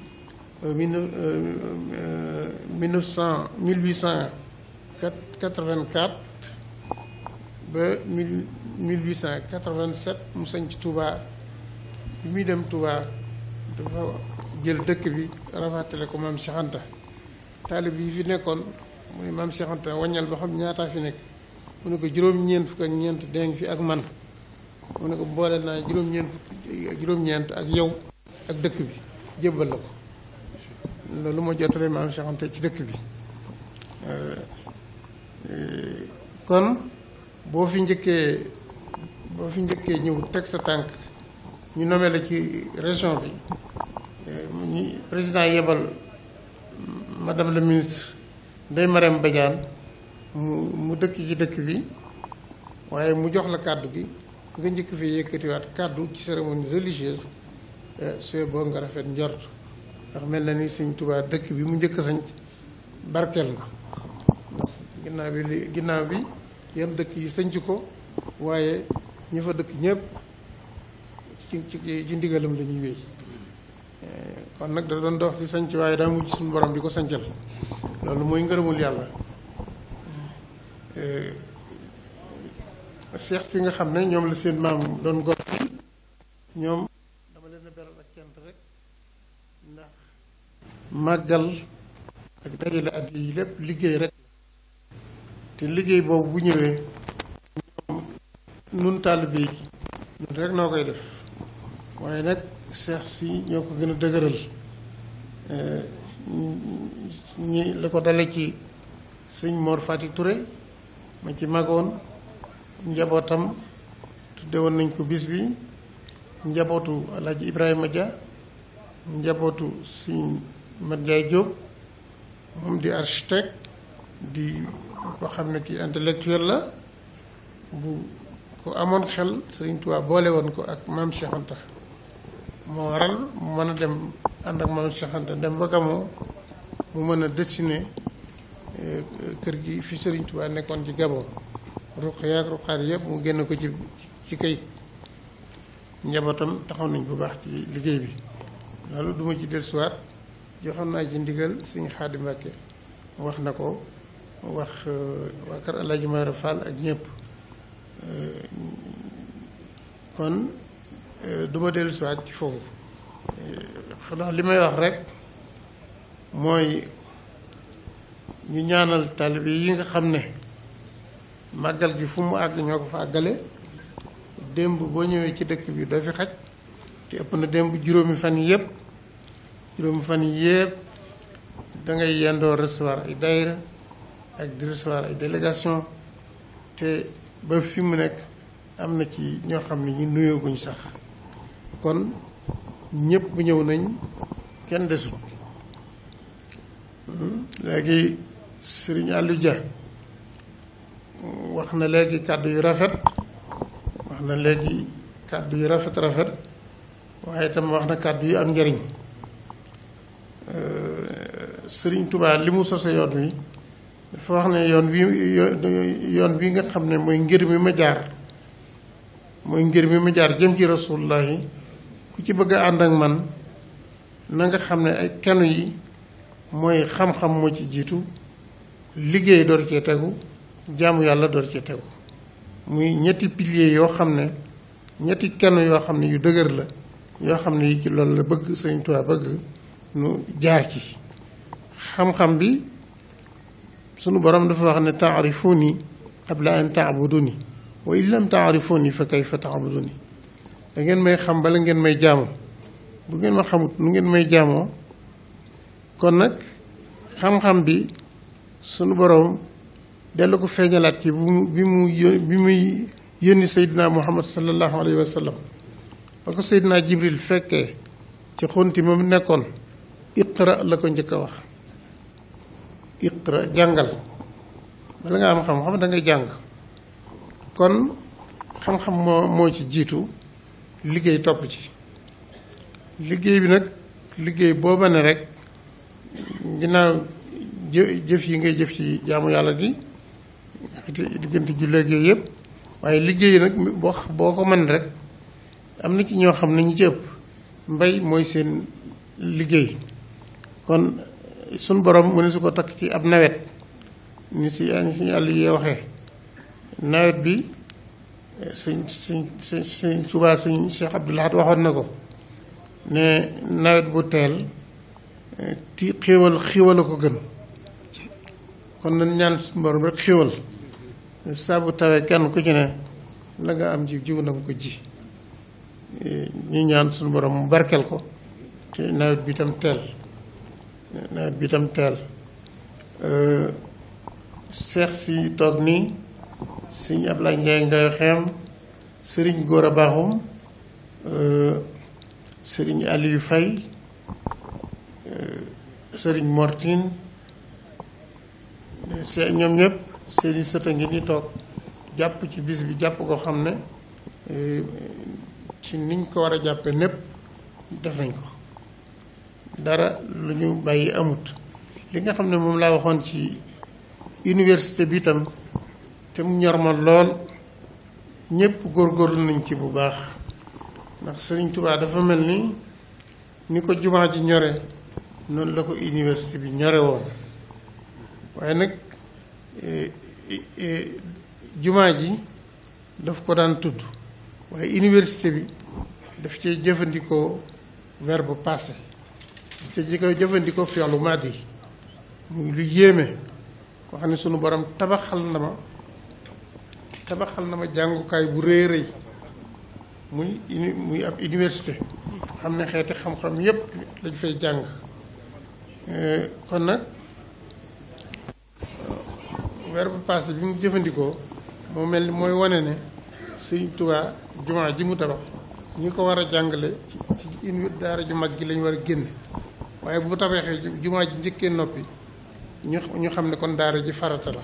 euh, euh, euh, mille neuf cent mille huit cent 1884 ba 1887 mu sañ ci Touba bi muy dem Touba dafa jël dëkk bi rafatale ko maam Cheikh Anta taalib yi fi nekkoon mu ne maam Cheikh waññal ba xam ñaataa fi nekk mu ne ko juróom-ñeent fukk ak ñeent deng fi ak man mu ne ko boole naa juróom-ñeent ak yow ak dëkk bi jébbal la ko loolu moo jotale maam Cheikh ci dëkk bi euh, Eh, kon boo fi njëkkee boo fi njëkkee ñëw teg sa tànk ñu nommé la ci région bi eh, ñu président yebal madame la ministre Ndeye Marème Badiane mu mu dëkk ci dëkk bi waaye mu jox la kàddu gi nga njëkk fi yëkkatiwaat kàddu ci cérémonie religieuse eh, suy boo nga rafet njort ndax mel na ni Sëñ tubaab dëkk bi mu njëkk a sañc barkeel na ginnaaw bi li ginnaaw bi yenn dëkk yi sañc ko waaye ñi fa dëkk ñëpp ci ci ci ndigalam la wéy eh, kon nag da doon dox di sanc waaye daa mujj suñu borom di ko sancal loolu mooy ngërëmul yàlla eh, seex si nga xam ne ñoom la seen maam doon gor ñoom dama leen a beral ak cant rek ndax màggal ak dajale at yi lépp liggéey rek te liggéey boobu bu ñëwee ñoom nun taalibe yi nun rek noo koy def waaye nag seex si ñoo ko gën a dëgëral eh, ñi la ko dale ci sëñ Mor Fati Touré ma ci magoon njabootam tudde woon nañ ko bis bi njabootu Alaaji Ibrahima ja njabootu sëñ Mat Njaay Jóob moom di architecte di koo xam ne kii intellectuel la bu ko amoon xel Sëriñ Tuubaa boole woon ko ak maam Cheikh Anta moo waral mu mën a dem ànd ak maam Cheikh dem ba Gabon mu mën a dessiner eh, kër gi fi Sëriñ Tuubaa nekkoon ci Gabon ruq yaag ruqaar mu génn ko ci ci kay njabootam taxaw nañ bu baax ci liggéey bi loolu duma ci dellusiwaat joxoon naa ci ndigal Sëriñ Xaadim Mbàkke wax na ko wax euh, waa kër Alaaji ak ñëpp euh, kon euh, du ma dellu ci foofu xanaa li may wax rek mooy ñu ñaanal taalibe yi nga xam ne màggal gi fu mu àgg ñoo ko fa àggale démb boo ñëwee ci dëkk bi doo fi xaj te ëpp na démb juróomi fan yëpp juróomi fan yëpp da yendoo recevoir ay daayira ak di recevoir ay délégation te ba fi mu nekk am na ci ñoo xam ne ñu nuyooguñ sax kon ñëpp ñëw nañ kenn desut hmm? léegi Serigne Aliou Dia wax na léegi kàddu yu rafet wax na léegi kàddu yu rafet rafet waaye itam wax na kàddu yi am njariñ euh, Serigne tubaab li mu sose yoon wi dafa wax ne yoon wi yoon wi nga xam ne mooy ngir mi ma jaar mooy ngir mi ma jaar jëm ci rasulullahi ku ci bëgg a ànd ak man na nga xam ne ay kanu yi mooy xam-xam moo ci jiitu liggéey door ce tegu jàmm yàlla door cee tegu muy ñetti piliers yoo xam ne ñetti kanu yoo xam ne yu dëgër la yoo xam ne yi ci loolu la bëgg Sëriñ Tuubaa bëgg nu jaar ci xam-xam bi sunu borom dafa wax ne taarifuni qabla an taabuduni wa in lam taarifuni fa kayfa taabuduni da ngeen may xam bala ngeen may jaamu bu ngeen ma xamut nu ngeen may jaamoo kon nag xam-xam bi sunu borom dellu ko feeñalaat ci bu bi mu bi muy yónni Seydina Muhammad sallallahu alayhi wa a ba ko Seydina Jibril fekkee ci xunti ma mu nekkoon iqra la ko njëkk a wax iqra jàngal bala nga am xam-xam da ngay jàng kon xam-xam moo moo ci jiitu liggéey topp ci liggéey bi nag liggéey booba ne rek ginnaaw jëf yi ngay jëf ci jaamu yàlla gi diggante julleeg yooyu yépp waaye liggéey nag wax boo ko mën rek am na ci ñoo xam ne ñu ci mbay mooy seen liggéey kon suñ borom mu ne su ko takk ci ab nawet ni si ni si àll yee waxee nawet bi suñ suñ suñ suñ subaa suñ Cheikh Abdou Lahad waxoon na ko ne nawet bu teel ti xéewal xéewal a ko gën kon nañ ñaan suñu borom rek xéewal saa bu tawee kenn ku ci ne la nga am ji jiw na ko ji ñu ñaan suñu borom mu barkeel ko te nawet bi tam teel nawet bi tam teel seex si toog nii sëñ Ablaye Ndiaye Ngaye Xem sëriñ Gora Bakhoum sëriñ Aliou Faye sëriñ Mortine se ñoom ñëpp seen i ngi ni toog jàpp ci bis bi jàpp ko xam ne ci niñ ko war a jàppe népp def nañ ko dara lu ñu bàyyi amut li nga xam ne moom laa waxoon ci université bi itam te mu ñor ma lool ñëpp góorgóorlu nañ ci bu baax ndax Sëriñ Tuubaa dafa mel ni ni ko jumaa ji ñore noonu la ko université bi ñore woon waaye nag e, e, e, jumaa ji daf ko daan tudd waaye université bi daf cee jëfandikoo werbu passé te koy jëfandikoo fi'lu maadi muy lu yéeme koo xam ne sunu borom tabaxal na ma tabaxal na ma jàngukaay bu rëy rëy muy uni muy ab université xam ne xeeti xam-xam yépp lañ fay jàng eh, kon nag weer bu bi mu jëfandikoo moo mel ni mooy wane ne Sëriñ Tuubaa jumaa ji mu tabax ñi ko war a jàngale ci daara ju mag gi lañ war a génne waaye bu tabaxee jumaa ji njëkkee noppi ñu xam ne kon daara ji farata la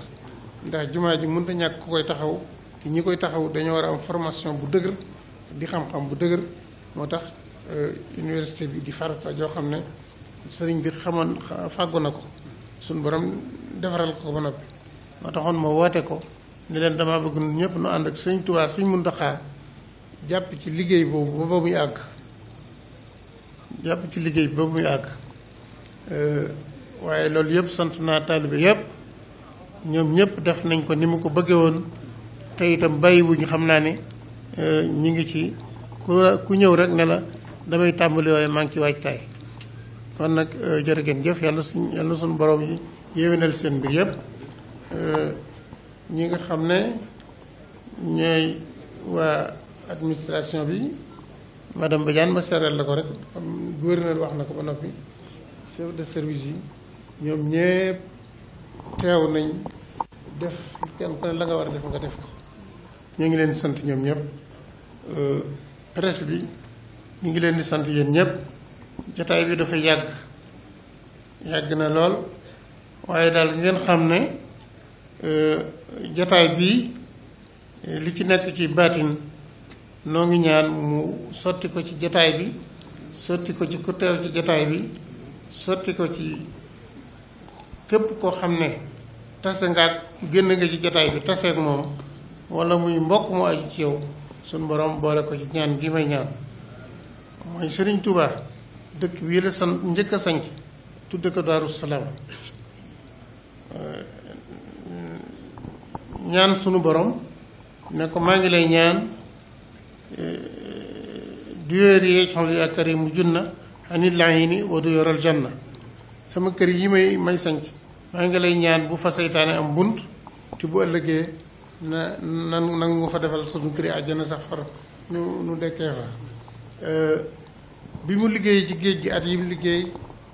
ndax jumaa ji mënut a ñàkk ku koy taxaw te ñi koy taxaw dañoo war a am formation bu dëgër di xam-xam bu dëgër moo tax euh, université bi di farata joo xam ne sëriñ bi xamoon fàggu na ko suñ borom defaral ko ba noppi moo taxoon ma woote ko ne leen dama bëgg ñun ñëpp nu ànd ak suñ sëñ suñ mun Muntaxaa jàpp ci liggéey boobu ba ba muy àgg jàpp ci liggéey bi ba muy àgg Euh, waaye loolu yëpp sant naa taalibe yépp ñoom ñëpp def nañ ko ni mu ko bëggee woon te itam bàyyiwuñu xam naa ne euh, ñu ngi ci ku ku ñëw rek ne la damay tàmbali waaye maa ngi ci waajtaay kon nag euh, jërë ngeen jëf yàlla suñ yàlla suñu borom yi yéwénal seen mbir yëpp ñu nga xam ne ñooy waa administration bi madame Badiane ma seereel la ko rek gouverneur wax na ko ba noppi. de service yi ñoom ñëpp teew nañ def kenn la nga war a def nga def ko ñoo ngi leen di sant ñoom ñëpp euh, presse bi ñu ngi leen di sant yéen ñëpp jataay bi dafa yàgg yàgg na lool waaye daal ngeen xam ne euh, jataay bi li ci nekk ci baatin noo ngi ñaan mu sotti ko ci jataay bi sotti ko ci ku teew ci jataay bi sotti ko ci képp koo xam ne tase nga ak génn nga ci jotaay bi taseeg moom wala muy mbokk mu aju ci yow suñ borom boole ko ci ñaan gi may ñaan mooy sëriñ Touba dëkk bii la san njëkk a sanc tudde ko Daaru Salaam ñaan sunu borom ne ko maa ngi lay ñaan duyeer yi xol yu ak karimu junna anit laayi ni wadu yoral na sama kër yi may may sanc maa ngi lay ñaan bu fa seytaane am bunt te bu ëllëgee na nan nangu fa defal suñu këri àjjana sax far nu nu dekkee fa euh, bi mu liggéey ci géej gi at yi mu liggéey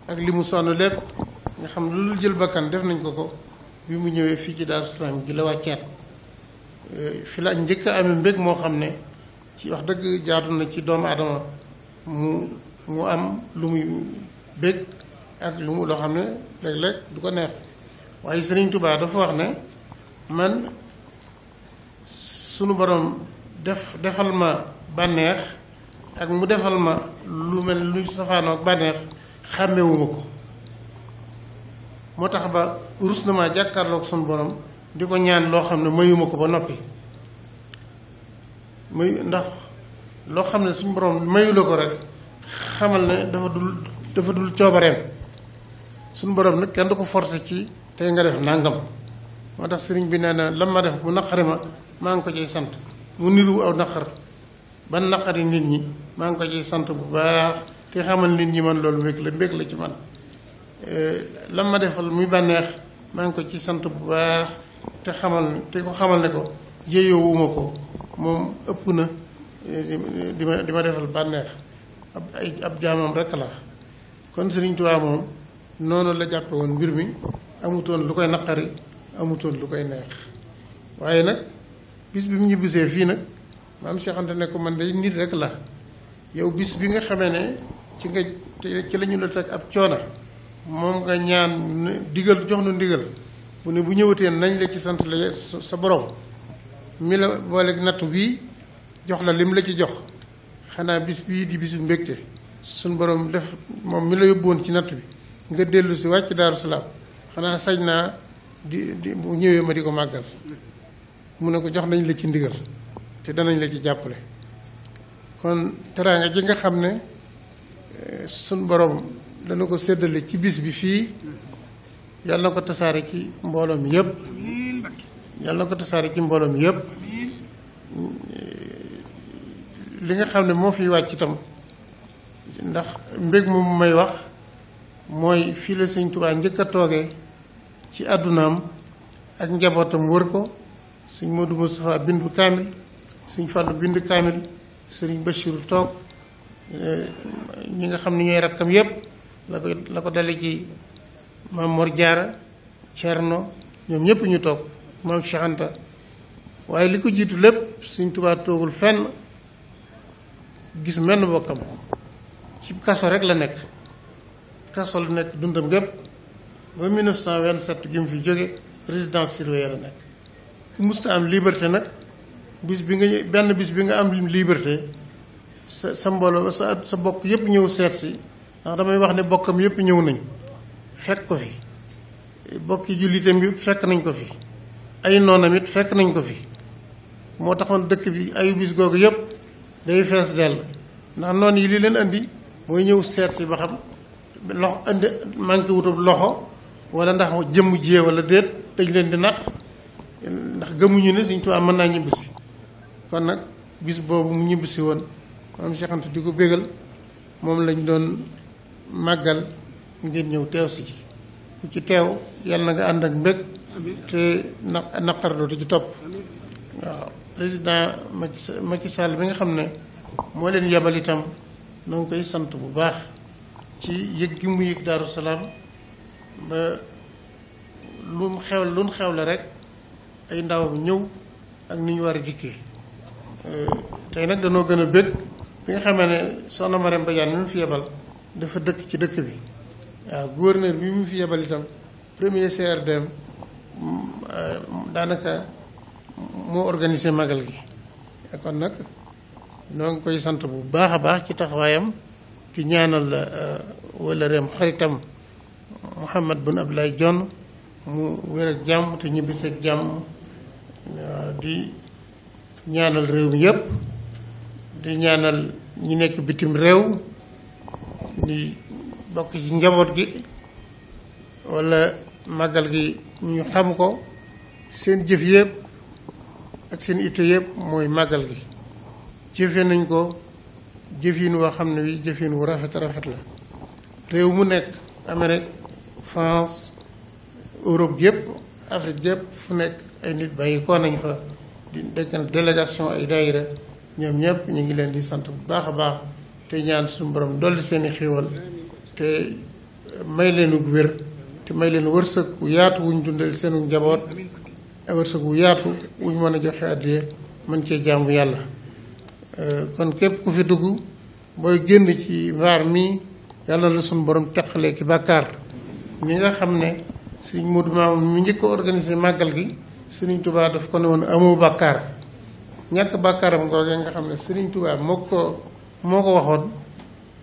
ak li mu sonn lépp nga xam lu dul jël bakkan def nañ ko ko bi mu ñëwee fii ci Daaru Salaam gi la wàccaat euh, fi njëkk a amee mbég moo xam ne ci wax dëgg jaatu na ci doomu aadama mu mu am lu muy bëgg ak lu mu loo xam ne léeg-léeg du ko neex waaye Sëriñ Tuubaa dafa wax ne man sunu borom def defal ma bànneex ak mu defal ma lu mel lu safaanoo ak bànneex xàmmewuma ko moo tax ba rus na ma jàkkaarloog sunu borom di ko ñaan loo xam ne mayuma ko ba noppi muy ndax loo xam ne suñu borom mayu ko rek xamal ne dafa dul dafa dul coobareem suñu borom nag kenn du ko forcé ci tey nga def nangam moo tax sëriñ bi nee na la ma def bu naqari ma maa ngi ko ciy sant mu niru aw naqar ban naqari nit ñi maa ngi ko ciy sant bu baax te xamal nit ñi man loolu mbég la mbég la ci man euh, la ma defal muy bànneex maa ngi ko ci sant bu baax te xamal te ko xamal ne ko yéeyoo wuma ko moom ëpp na euh, di ma di ma defal bànneex ab ay ab jaamam rek la kon Sëriñ Tuubaa moom noonu la jàppe woon mbir mi amutoon lu koy naqari amutoon lu koy neex waaye nag bis bi mu ñibbisee fii nag maam Cheikh Anta ne ko man day nit rek la yow bis bi nga xamee ne ci nga ci lañu ñu la teg ab coona moom nga ñaan diggal jox nu ndigal mu ne bu ñëwatee nañ la ci sant la sa borom mi la boole nattu bii jox la lim la ci jox xanaa bis bii di bisu mbégte suñ borom def moom mi la yóbboon ci natt bi nga dellusi wàcc daaru salaam xanaa sañ naa di di ñëwee ma di ko màggal mu ne ko jox nañ la ci ndigal te danañ la ci jàppale kon teraanga ji nga xam ne eh, suñ borom dana ko séddale ci bis bi fii yàlla na ko tasaare ci mbooloom yépp yàlla na ko tasaare ci mbooloom yépp li nga xam ne moo fi wàcc itam ndax mbég moom may wax mooy fii la sëñ njëkk a toogee ci àddunaam ak njabootam wër ko sëñ Modou Moustapha bind kaamil sëñ Fallou bind kaamil sëriñ Bachirou toog ñi nga xam ne ñooy rakkam yépp la ko la ko dale ci maam Mor Diarra ñoom ñëpp ñu toog maam Cheikh waaye li ko jiitu lépp sëñ Tuubaa toogul fenn gis menn bokkam ci kaso rek la nekk kaso la nekk dundam gépp ba 1927 gi mu fi jóge résidence surveillée la nekk ku musta am liberté nag bis bi nga benn bis bi nga am liberté sa sa mbooloo sa sa bokk yépp ñëw seet si ndax damay wax ne bokkam yépp ñëw nañ fekk ko fi bokki jullitam yépp fekk nañ ko fi ay noonam it fekk nañ ko fi moo taxoon dëkk bi ay bis googu yépp day fees dell ndax noon yi li leen indi mooy ñëw seet si ba xam loxo andi manqué wutub loxo wala ndax jëmm jee wala déet dañ leen di nax ndax gëmuñu ni Sëñ Tuubaa mën naa ñibbisi kon nag bis boobu mu ñibbisi woon maam Cheikh Anta di ko bégal moom lañ doon màggal ngeen ñëw teew si ci ku ci teew yàlla na nga ànd ak mbég te na naqar ci topp waaw président Macky Sall bi nga xam ne moo leen yebal itam na koy sant bu baax ci yëg gi mu yëg Daaru Salaam ba lu mu xew lu mu xew la rek ay ndawam ñëw ak ni ñu war a jikkee euh, tey nag danoo gën a bëgg bi nga xamee ne soxna Marème Badiane mi mu fi yebal dafa dëkk ci dëkk bi waaw gouverneur bi mu fi yebal itam premier CRDM euh, daanaka moo organisé magal gi kon nag noo koy sant bu baax a baax ci taxawaayam ci ñaanal euh, wala reem xaritam Mouhamad bun Abdoulaye Dione mu wér ak jàmm te ñibbisi ak jàmm di ñaanal réew mi yëpp di ñaanal ñi nekk bitim réew di bokk ci njaboot gi wala màggal gi ñu xam ko seen jëf yëpp ak seen itte yëpp mooy màggal gi jëfe nañ ko jëfin woo xam ne wi jëfin wu rafet rafet la réew mu nekk Amérique France Europe yëpp Afrique yëpp fu nekk ay nit bàyyi ko nañ fa di dekkan délégation ay daayira ñoom ñëpp ñu ngi leen di sant bu baax a baax te ñaan suñu borom dolli seeni xéewal te may leenu wér te may leen wërsëg bu yaatu wuñ dundal seenu njaboot wërsëg wu yaatu wuñ ñu mën a joxe àddiya mën cee jaamu yàlla euh, kon képp ku fi dugg booy génn ci mbaar mi yàlla la suñu borom teqalee ki bàkkaar ñi nga xam ne Sëriñ Moodu Maamun mi njëkk a organisé gi Sëriñ Tuubaa daf ko ne woon amoo bàkkaar ñàkk bàkkaaram googee nga xam ne Sëriñ Tuubaa moo ko moo ko waxoon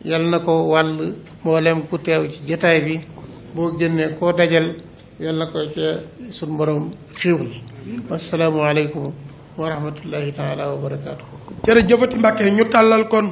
yàlla na ko wàll mboolem ku teew ci jataay bi boo génnee koo dajal yàlla na ko ca suñu borom xiiwal wasalaamualeykum wa rahmatullahi taala wa barakaatu. jërëjëfati Mbàkke ñu tàllal kon.